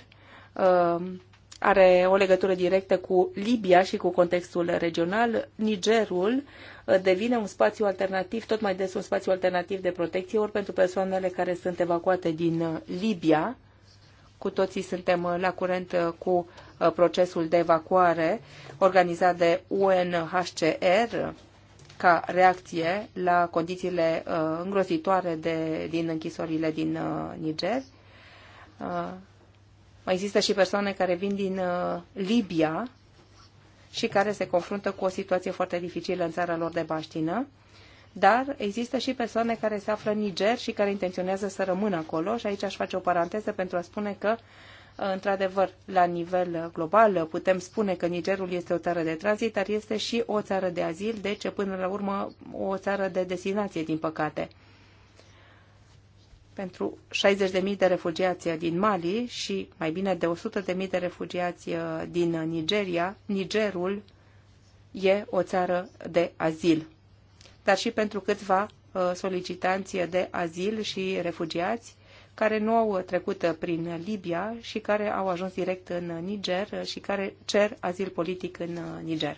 are o legătură directă cu Libia și cu contextul regional. Nigerul uh, devine un spațiu alternativ, tot mai des un spațiu alternativ de protecție, ori pentru persoanele care sunt evacuate din uh, Libia. Cu toții suntem uh, la curent cu procesul de evacuare organizat de UNHCR ca reacție la condițiile îngrozitoare de, din închisorile din Niger mai există și persoane care vin din uh, Libia și care se confruntă cu o situație foarte dificilă în țara lor de baștină, dar există și persoane care se află în Niger și care intenționează să rămână acolo și aici aș face o paranteză pentru a spune că uh, Într-adevăr, la nivel uh, global, putem spune că Nigerul este o țară de tranzit, dar este și o țară de azil, deci până la urmă o țară de destinație, din păcate pentru 60.000 de refugiați din Mali și mai bine de 100.000 de refugiați uh, din Nigeria, Nigerul e o țară de azil, dar și pentru câțiva uh, solicitanți de azil și refugiați care nu au trecut prin Libia și care au ajuns direct în Niger și care cer azil politic în uh, Niger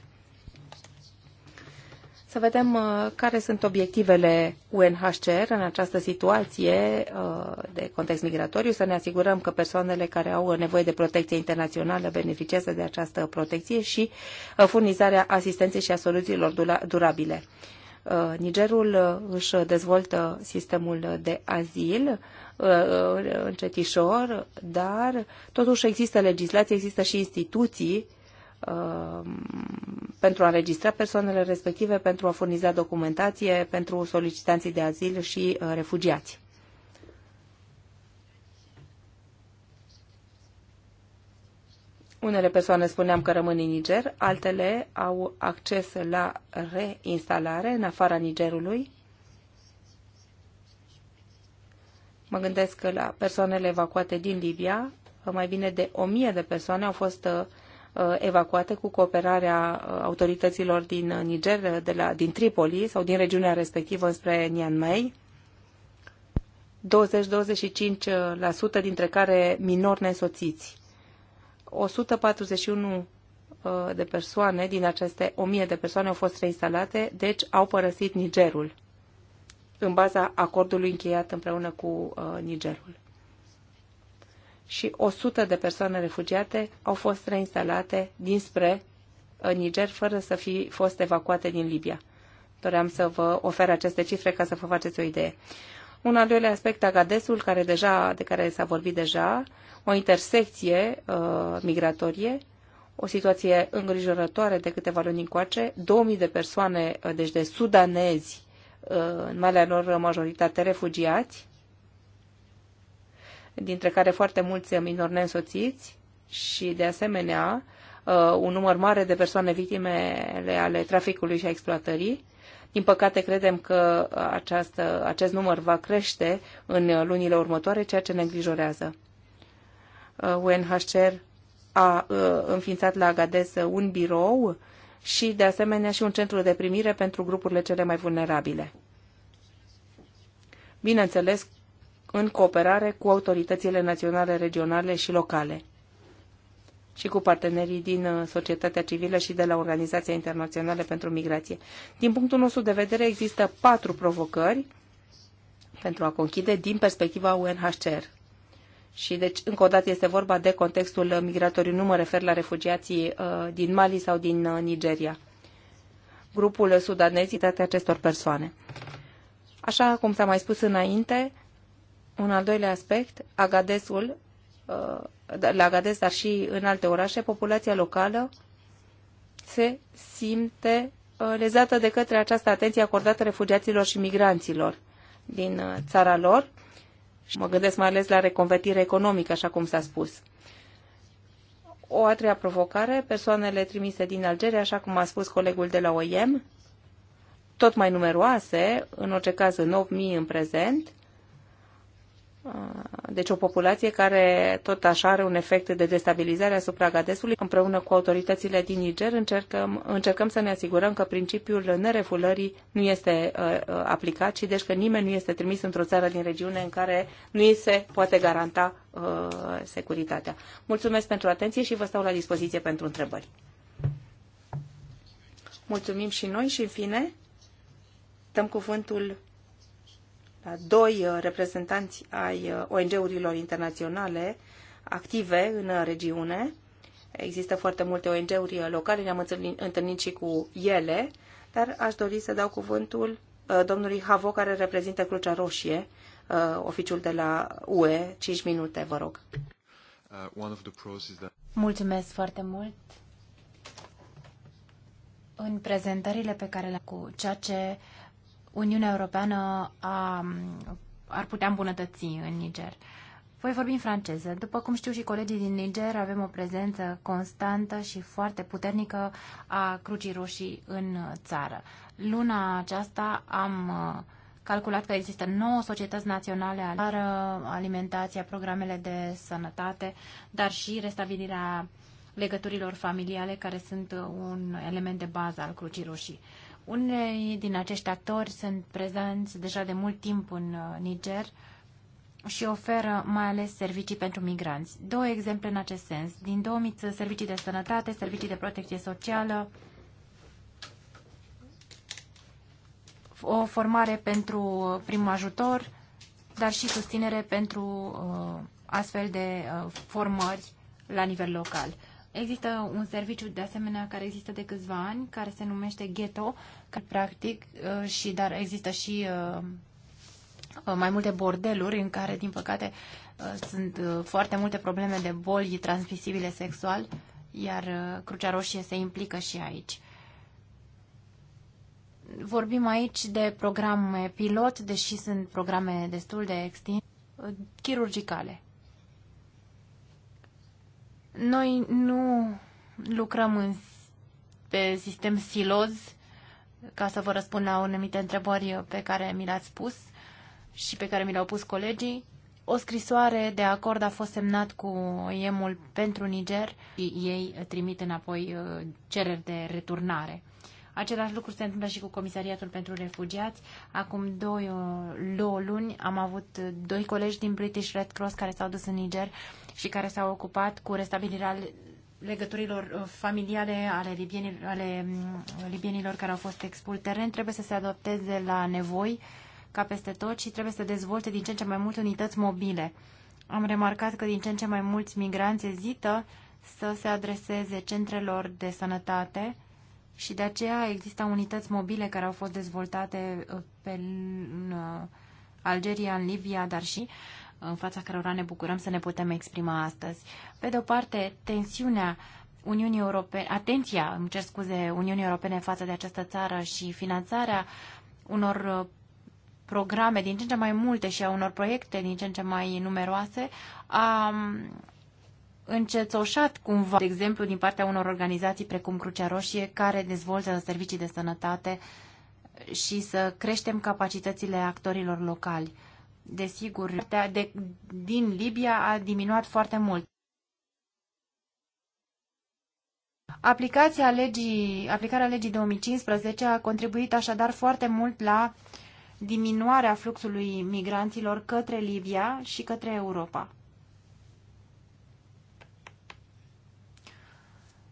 să vedem uh, care sunt obiectivele UNHCR în această situație uh, de context migratoriu, să ne asigurăm că persoanele care au nevoie de protecție internațională beneficiază de această protecție și uh, furnizarea asistenței și a soluțiilor durabile. Nigerul își dezvoltă sistemul de azil încetișor, dar totuși există legislație, există și instituții Um, pentru a înregistra persoanele respective, pentru a furniza documentație pentru solicitanții de azil și uh, refugiați. Unele persoane spuneam că rămân în Niger, altele au acces la reinstalare în afara Nigerului. Mă gândesc că la persoanele evacuate din Libia, mai bine de o mie de persoane au fost uh, Uh, evacuate cu cooperarea uh, autorităților din uh, Niger, de la, din Tripoli sau din regiunea respectivă spre Niamey. 20-25% dintre care minori nesoțiți. 141 de persoane din aceste 1000 de persoane au fost reinstalate, deci au părăsit Nigerul în baza acordului încheiat împreună cu Nigerul și 100 de persoane refugiate au fost reinstalate dinspre uh, Niger fără să fi fost evacuate din Libia. Doream să vă ofer aceste cifre ca să vă faceți o idee. Un al doilea aspect, Agadesul, care deja, de care s-a vorbit deja, o intersecție uh, migratorie, o situație îngrijorătoare de câteva luni încoace, 2000 de persoane, uh, deci de sudanezi, uh, în marea lor majoritate refugiați, dintre care foarte mulți minori neînsoțiți și, de asemenea, uh, un număr mare de persoane victimele ale traficului și a exploatării. Din păcate, credem că această, acest număr va crește în lunile următoare, ceea ce ne îngrijorează. UNHCR uh, a uh, înființat la Agadez un birou și, de asemenea, și un centru de primire pentru grupurile cele mai vulnerabile. Bineînțeles în cooperare cu autoritățile naționale, regionale și locale și cu partenerii din uh, societatea civilă și de la Organizația Internațională pentru Migrație. Din punctul nostru de vedere, există patru provocări pentru a conchide din perspectiva UNHCR. Și deci, încă o dată, este vorba de contextul migratoriu. Nu mă refer la refugiații uh, din Mali sau din uh, Nigeria. Grupul sudanez, acestor persoane. Așa cum s-a mai spus înainte, un al doilea aspect, Agadesul, uh, da, la Agades, dar și în alte orașe, populația locală se simte uh, lezată de către această atenție acordată refugiaților și migranților din uh, țara lor. Mă gândesc mai ales la reconvertire economică, așa cum s-a spus. O a treia provocare, persoanele trimise din Algeria, așa cum a spus colegul de la OIM, tot mai numeroase, în orice caz 9.000 în prezent, Ah, deci o populație care tot așa are un efect de destabilizare asupra Gadesului. Împreună cu autoritățile din Niger încercăm, încercăm să ne asigurăm că principiul nerefulării nu este uh, uh, aplicat și deci că nimeni nu este trimis într-o țară din regiune în care nu îi se poate garanta uh, securitatea. Mulțumesc pentru atenție și vă stau la dispoziție pentru întrebări. Mulțumim și noi și în fine dăm cuvântul doi uh, reprezentanți ai uh, ONG-urilor internaționale active în uh, regiune. Există foarte multe ONG-uri locale, ne-am întâlnit și cu ele, dar aș dori să dau cuvântul domnului Havo, care reprezintă Crucea Roșie, oficiul de la UE. 5 minute, vă rog. Mulțumesc foarte mult. În prezentările pe care le-am cu ceea ce Uniunea Europeană a, ar putea îmbunătăți în Niger. Voi vorbi în franceză. După cum știu și colegii din Niger, avem o prezență constantă și foarte puternică a Crucii Roșii în țară. Luna aceasta am uh, calculat că există nouă societăți naționale ale alimentația, programele de sănătate, dar și restabilirea legăturilor familiale care sunt un element de bază al Crucii Roșii. Unii din acești actori sunt prezenți deja de mult timp în uh, Niger și oferă mai ales servicii pentru migranți. Două exemple în acest sens. Din 2000, uh, servicii de sănătate, servicii de protecție socială, o formare pentru uh, prim ajutor, dar și susținere pentru uh, astfel de uh, formări la nivel local. Există un serviciu de asemenea care există de câțiva ani, care se numește Ghetto, care practic, uh, și, dar există și uh, uh, mai multe bordeluri în care, din păcate, sunt foarte multe probleme de boli transmisibile sexual, iar Crucea Roșie se implică și aici. Vorbim aici de programe pilot, deși sunt programe destul de extinse, chirurgicale. Noi nu lucrăm în, pe sistem siloz, ca să vă răspund la anumite întrebări pe care mi le-ați spus și pe care mi le-au pus colegii. O scrisoare de acord a fost semnat cu IEM-ul pentru Niger și ei trimit înapoi uh, cereri de returnare. Același lucru se întâmplă și cu Comisariatul pentru Refugiați. Acum două uh, luni am avut uh, doi colegi din British Red Cross care s-au dus în Niger și care s-a ocupat cu restabilirea legăturilor uh, familiale ale, libienilor, ale mm, libienilor care au fost expul teren trebuie să se adopteze la nevoi ca peste tot și trebuie să dezvolte din ce în ce mai multe unități mobile. Am remarcat că din ce în ce mai mulți migranți ezită să se adreseze centrelor de sănătate și de aceea există unități mobile care au fost dezvoltate uh, pe, în uh, Algeria, în Libia, dar și în fața cărora ne bucurăm să ne putem exprima astăzi. Pe de o parte, tensiunea Uniunii Europene, atenția, îmi cer scuze, Uniunii Europene față de această țară și finanțarea unor uh, programe din ce în ce mai multe și a unor proiecte din ce în ce mai numeroase a um, încețoșat cumva, de exemplu, din partea unor organizații precum Crucea Roșie, care dezvoltă servicii de sănătate și să creștem capacitățile actorilor locali desigur, de, de, din Libia a diminuat foarte mult. Aplicația legii, aplicarea legii 2015 a contribuit așadar foarte mult la diminuarea fluxului migranților către Libia și către Europa.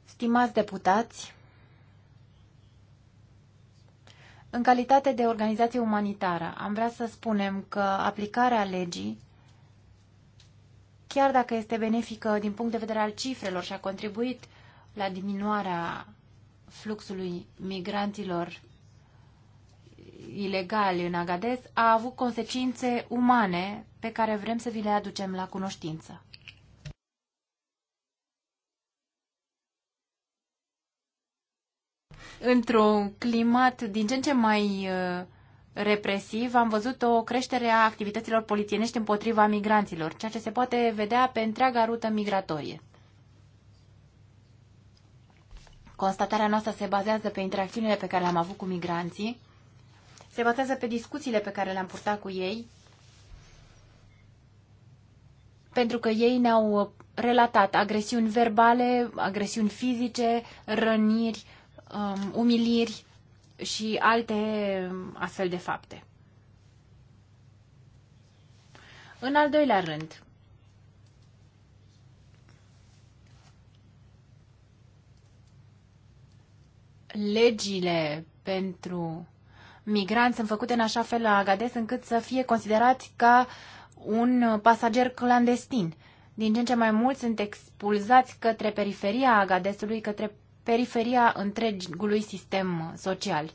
Stimați deputați, În calitate de organizație umanitară, am vrea să spunem că aplicarea legii, chiar dacă este benefică din punct de vedere al cifrelor și a contribuit la diminuarea fluxului migranților ilegali în Agades, a avut consecințe umane pe care vrem să vi le aducem la cunoștință. într-un climat din ce în ce mai uh, represiv, am văzut o creștere a activităților polițienești împotriva migranților, ceea ce se poate vedea pe întreaga rută migratorie. Constatarea noastră se bazează pe interacțiunile pe care le-am avut cu migranții, se bazează pe discuțiile pe care le-am purtat cu ei, pentru că ei ne-au uh, relatat agresiuni verbale, agresiuni fizice, răniri, um, umiliri și alte um, astfel de fapte. În al doilea rând, legile pentru migranți sunt făcute în așa fel la Agades încât să fie considerați ca un pasager clandestin. Din ce în ce mai mulți sunt expulzați către periferia Agadesului, către periferia întregului sistem social.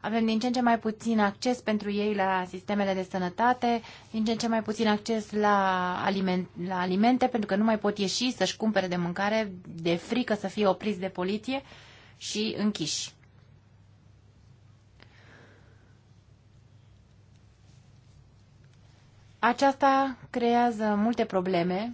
Avem din ce în ce mai puțin acces pentru ei la sistemele de sănătate, din ce în ce mai puțin acces la, aliment, la alimente, pentru că nu mai pot ieși să-și cumpere de mâncare de frică să fie opriți de poliție și închiși. Aceasta creează multe probleme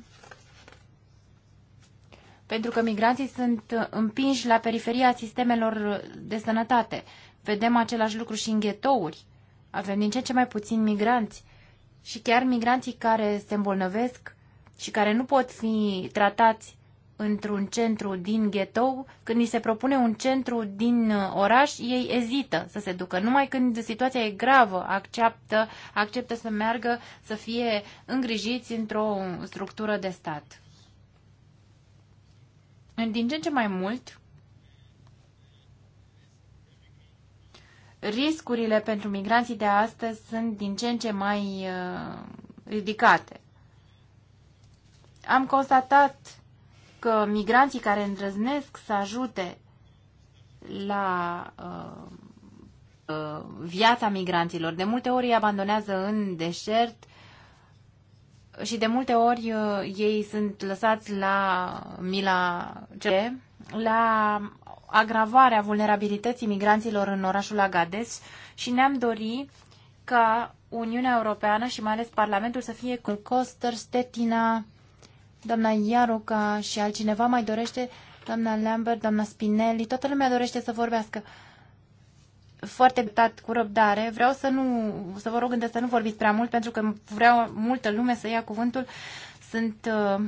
pentru că migranții sunt împinși la periferia sistemelor de sănătate. Vedem același lucru și în ghetouri. Avem din ce ce mai puțin migranți și chiar migranții care se îmbolnăvesc și care nu pot fi tratați într-un centru din ghetou, când ni se propune un centru din uh, oraș, ei ezită să se ducă. Numai când situația e gravă, acceptă, acceptă să meargă, să fie îngrijiți într-o structură de stat din ce în ce mai mult, riscurile pentru migranții de astăzi sunt din ce în ce mai uh, ridicate. Am constatat că migranții care îndrăznesc să ajute la uh, uh, viața migranților, de multe ori îi abandonează în deșert și de multe ori uh, ei sunt lăsați la mila ce, la agravarea vulnerabilității migranților în orașul Agades și ne-am dori ca Uniunea Europeană și mai ales Parlamentul să fie cu Coster, Stetina, doamna Iaruca și altcineva mai dorește, doamna Lambert, doamna Spinelli, toată lumea dorește să vorbească foarte dat cu răbdare. Vreau să nu, să vă rog să nu vorbiți prea mult, pentru că vreau multă lume să ia cuvântul. Sunt uh,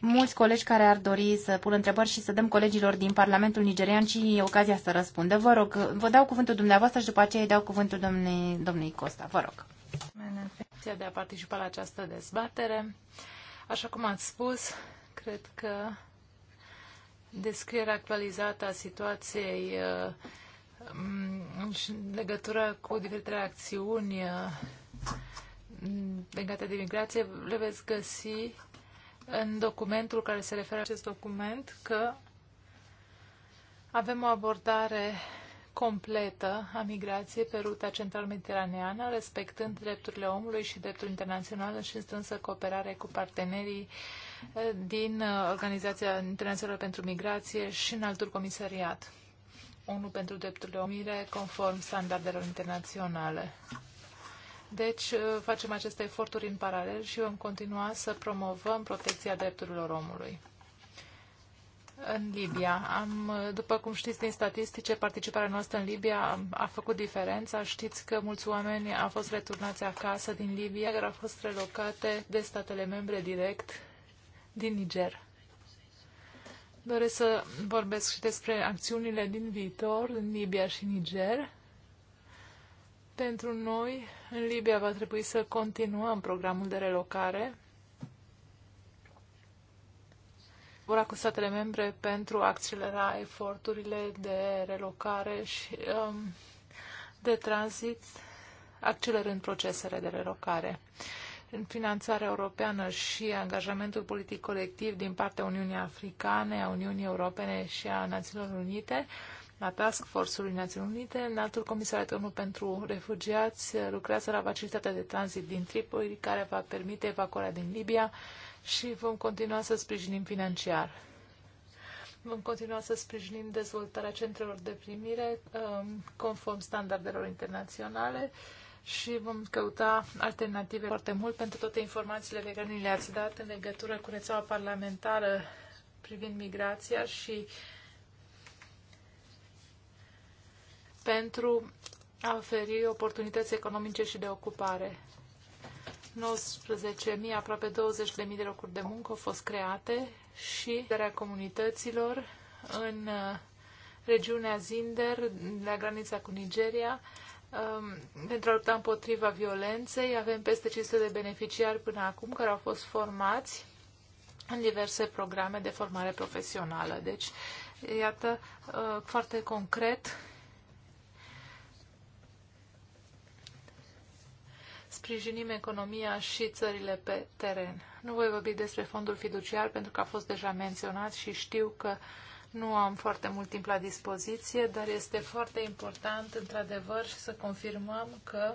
mulți colegi care ar dori să pună întrebări și să dăm colegilor din Parlamentul Nigerian și ocazia să răspundă. Vă rog, vă dau cuvântul dumneavoastră și după aceea îi dau cuvântul domnei, domnei Costa. Vă rog. Mulțumesc de a participa la această dezbatere, așa cum ați spus, cred că descrierea actualizată a situației uh, în legătură cu diferite acțiuni uh, legate de migrație, le veți găsi în documentul care se referă acest document că avem o abordare completă a migrației pe ruta central-mediteraneană, respectând drepturile omului și dreptul internațional și strânsă cooperare cu partenerii uh, din uh, Organizația Internațională pentru Migrație și în altul comisariat, ONU pentru drepturile omire, conform standardelor internaționale. Deci uh, facem aceste eforturi în paralel și vom continua să promovăm protecția drepturilor omului. În Libia. Am, uh, după cum știți din statistice, participarea noastră în Libia a făcut diferența. Știți că mulți oameni au fost returnați acasă din Libia, care au fost relocate de statele membre direct din Niger. Doresc să vorbesc și despre acțiunile din viitor în Libia și Niger. Pentru noi, în Libia va trebui să continuăm programul de relocare. Vor cu statele membre pentru a accelera eforturile de relocare și um, de tranzit, accelerând procesele de relocare în finanțarea europeană și angajamentul politic colectiv din partea Uniunii Africane, a Uniunii Europene și a Națiunilor Unite, la Task Force-ului Națiunilor Unite, înaltul comisariat ONU pentru refugiați lucrează la facilitatea de tranzit din Tripoli, care va permite evacuarea din Libia și vom continua să sprijinim financiar. Vom continua să sprijinim dezvoltarea centrelor de primire um, conform standardelor internaționale și vom căuta alternative foarte mult pentru toate informațiile pe care ni le-ați dat în legătură cu rețeaua parlamentară privind migrația și pentru a oferi oportunități economice și de ocupare. 19.000, aproape 20.000 de locuri de muncă au fost create și darea comunităților în uh, regiunea Zinder, la granița cu Nigeria, Um, pentru a lupta împotriva violenței. Avem peste 500 de beneficiari până acum care au fost formați în diverse programe de formare profesională. Deci, iată, uh, foarte concret, sprijinim economia și țările pe teren. Nu voi vorbi despre fondul fiduciar pentru că a fost deja menționat și știu că uh, nu am foarte mult timp la dispoziție, dar este foarte important, într-adevăr, să confirmăm că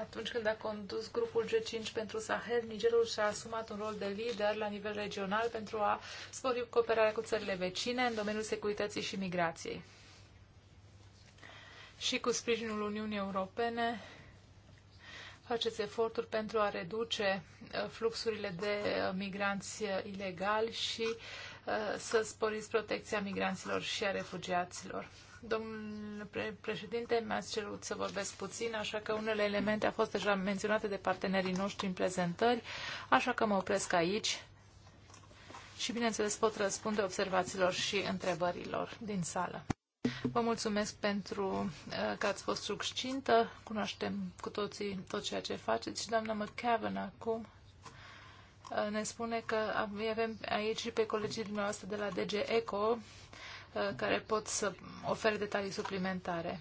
atunci când a condus grupul G5 pentru Sahel, Nigerul și-a asumat un rol de lider la nivel regional pentru a spori cooperarea cu țările vecine în domeniul securității și migrației. Și cu sprijinul Uniunii Europene faceți eforturi pentru a reduce uh, fluxurile de uh, migranți uh, ilegali și să sporiți protecția migranților și a refugiaților. Domnule președinte, mi-ați cerut să vorbesc puțin, așa că unele elemente au fost deja menționate de partenerii noștri în prezentări, așa că mă opresc aici și, bineînțeles, pot răspunde observațiilor și întrebărilor din sală. Vă mulțumesc pentru uh, că ați fost succintă. Cunoaștem cu toții tot ceea ce faceți. Și doamna McCavan acum uh, ne spune că avem aici și pe colegii dumneavoastră de la DG ECO uh, care pot să ofere detalii suplimentare.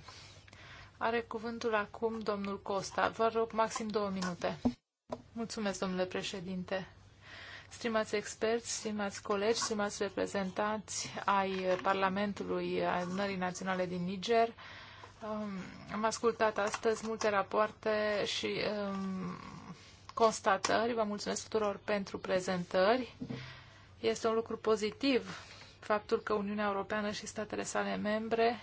Are cuvântul acum domnul Costa. Vă rog, maxim două minute. Mulțumesc, domnule președinte. Stimați experți, stimați colegi, stimați reprezentanți ai Parlamentului Adunării Naționale din Niger, um, am ascultat astăzi multe rapoarte și um, constatări. Vă mulțumesc tuturor pentru prezentări. Este un lucru pozitiv faptul că Uniunea Europeană și statele sale membre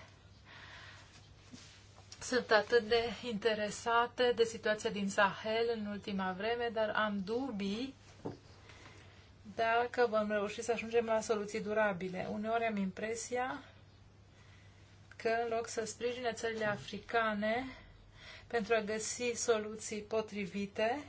sunt atât de interesate de situația din Sahel în ultima vreme, dar am dubii dacă vom reuși să ajungem la soluții durabile. Uneori am impresia că în loc să sprijine țările africane pentru a găsi soluții potrivite,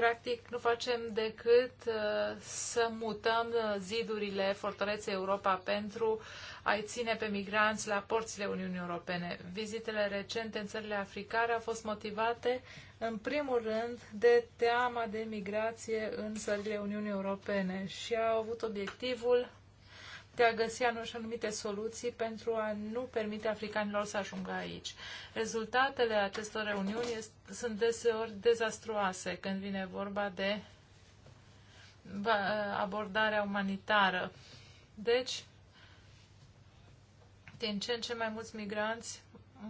Practic, nu facem decât uh, să mutăm uh, zidurile fortăreței Europa pentru a-i ține pe migranți la porțile Uniunii Europene. Vizitele recente în țările africane au fost motivate, în primul rând, de teama de migrație în țările Uniunii Europene și au avut obiectivul de a găsi anumite soluții pentru a nu permite africanilor să ajungă aici. Rezultatele acestor reuniuni sunt deseori dezastruoase când vine vorba de abordarea umanitară. Deci, din ce în ce mai mulți migranți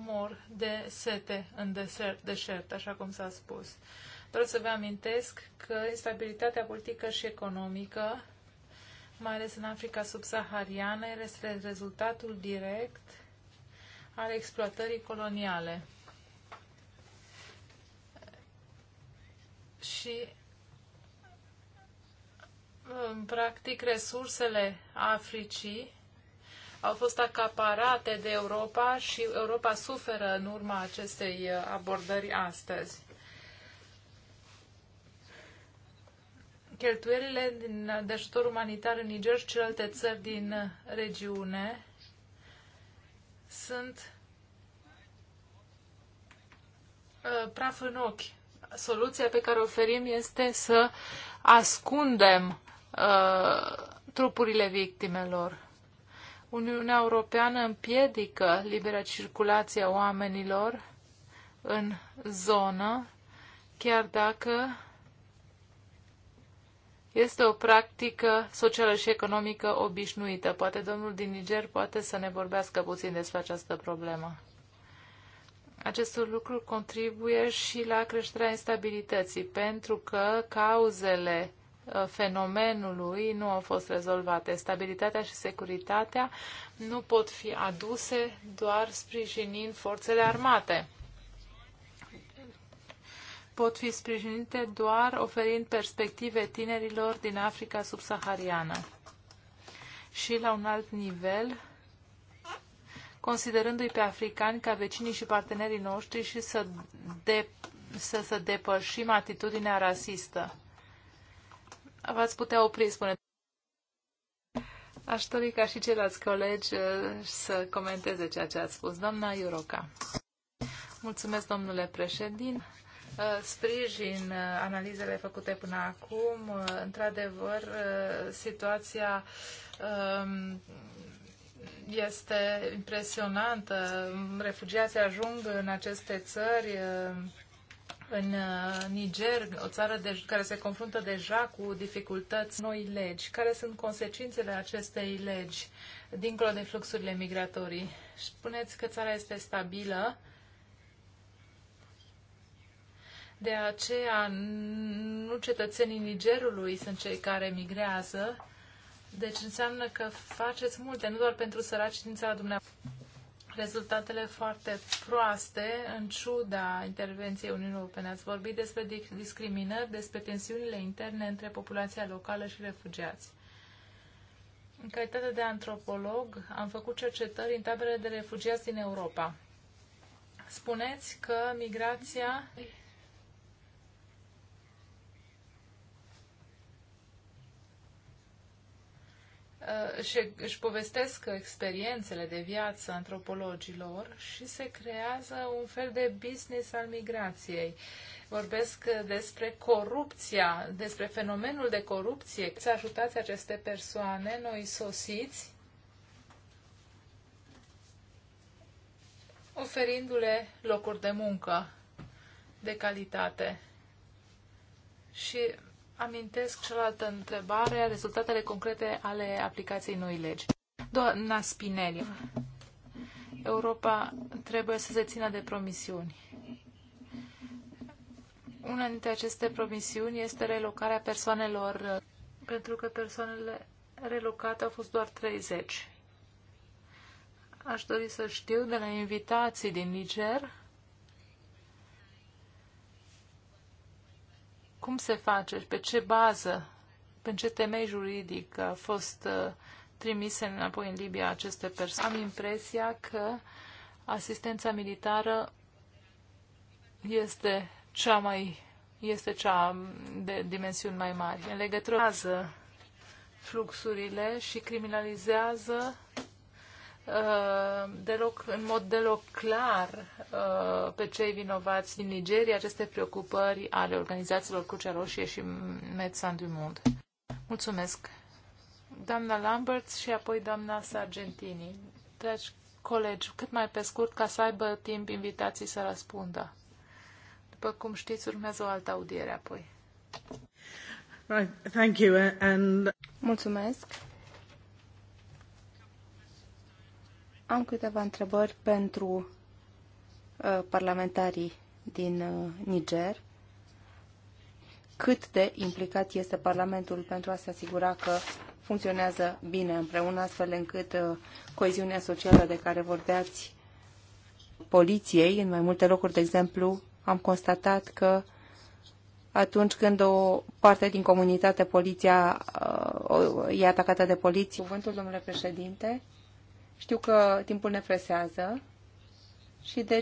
mor de sete în desert, deșert, așa cum s-a spus. Vreau să vă amintesc că instabilitatea politică și economică mai ales în Africa subsahariană, este rezultatul direct al exploatării coloniale. Și practic resursele Africii au fost acaparate de Europa și Europa suferă în urma acestei uh, abordări astăzi. cheltuielile din, de ajutor umanitar în Niger și celelalte țări din regiune sunt uh, praf în ochi. Soluția pe care o oferim este să ascundem uh, trupurile victimelor. Uniunea Europeană împiedică libera circulație a oamenilor în zonă, chiar dacă este o practică socială și economică obișnuită. Poate domnul din Niger poate să ne vorbească puțin despre această problemă. Acest lucru contribuie și la creșterea instabilității, pentru că cauzele uh, fenomenului nu au fost rezolvate. Stabilitatea și securitatea nu pot fi aduse doar sprijinind forțele armate pot fi sprijinite doar oferind perspective tinerilor din Africa subsahariană și la un alt nivel, considerându-i pe africani ca vecinii și partenerii noștri și să, de, să, să depășim atitudinea rasistă. V-ați putea opri, spune. Aș dori ca și ceilalți colegi uh, să comenteze ceea ce ați spus. Doamna Iuroca. Mulțumesc, domnule președinte. Uh, sprijin uh, analizele făcute până acum. Uh, într-adevăr, situația um, este impresionantă. Refugiații ajung în aceste țări, în Niger, o țară de, care se confruntă deja cu dificultăți noi legi. Care sunt consecințele acestei legi, dincolo de fluxurile migratorii? Spuneți că țara este stabilă De aceea, nu cetățenii Nigerului sunt cei care migrează, deci înseamnă că faceți multe, nu doar pentru săraci din țara dumneavoastră. Rezultatele foarte proaste, în ciuda intervenției Uniunii Europene. Ați vorbit despre discriminări, despre tensiunile interne între populația locală și refugiați. În calitate de antropolog, am făcut cercetări în taberele de refugiați din Europa. Spuneți că migrația Uh, și își povestesc experiențele de viață antropologilor și se creează un fel de business al migrației. Vorbesc despre corupția, despre fenomenul de corupție. Să ajutați aceste persoane, noi sosiți, oferindu-le locuri de muncă de calitate. Și amintesc cealaltă întrebare, rezultatele concrete ale aplicației noi legi. Doamna Spinelli, Europa trebuie să se țină de promisiuni. Una dintre aceste promisiuni este relocarea persoanelor, pentru că persoanele relocate au fost doar 30. Aș dori să știu de la invitații din Niger Cum se face? Pe ce bază? Pe ce temei juridic a fost uh, trimise înapoi în Libia aceste persoane? Am impresia că asistența militară este cea mai este cea de dimensiuni mai mari. În legătură fluxurile și criminalizează Uh, deloc, în mod deloc clar uh, pe cei vinovați din Nigeria aceste preocupări ale organizațiilor Crucea Roșie și Médecins du Monde. Mulțumesc. Doamna Lambert și apoi doamna Sargentini. Dragi colegi, cât mai pe scurt ca să aibă timp invitații să răspundă. După cum știți, urmează o altă audiere apoi. Right, thank you and... Mulțumesc. Am câteva întrebări pentru uh, parlamentarii din uh, Niger. Cât de implicat este Parlamentul pentru a se asigura că funcționează bine împreună, astfel încât uh, coeziunea socială de care vorbeați poliției, în mai multe locuri, de exemplu, am constatat că atunci când o parte din comunitate poliția uh, e atacată de poliție. Cuvântul, domnule președinte, știu că timpul ne presează și de deci,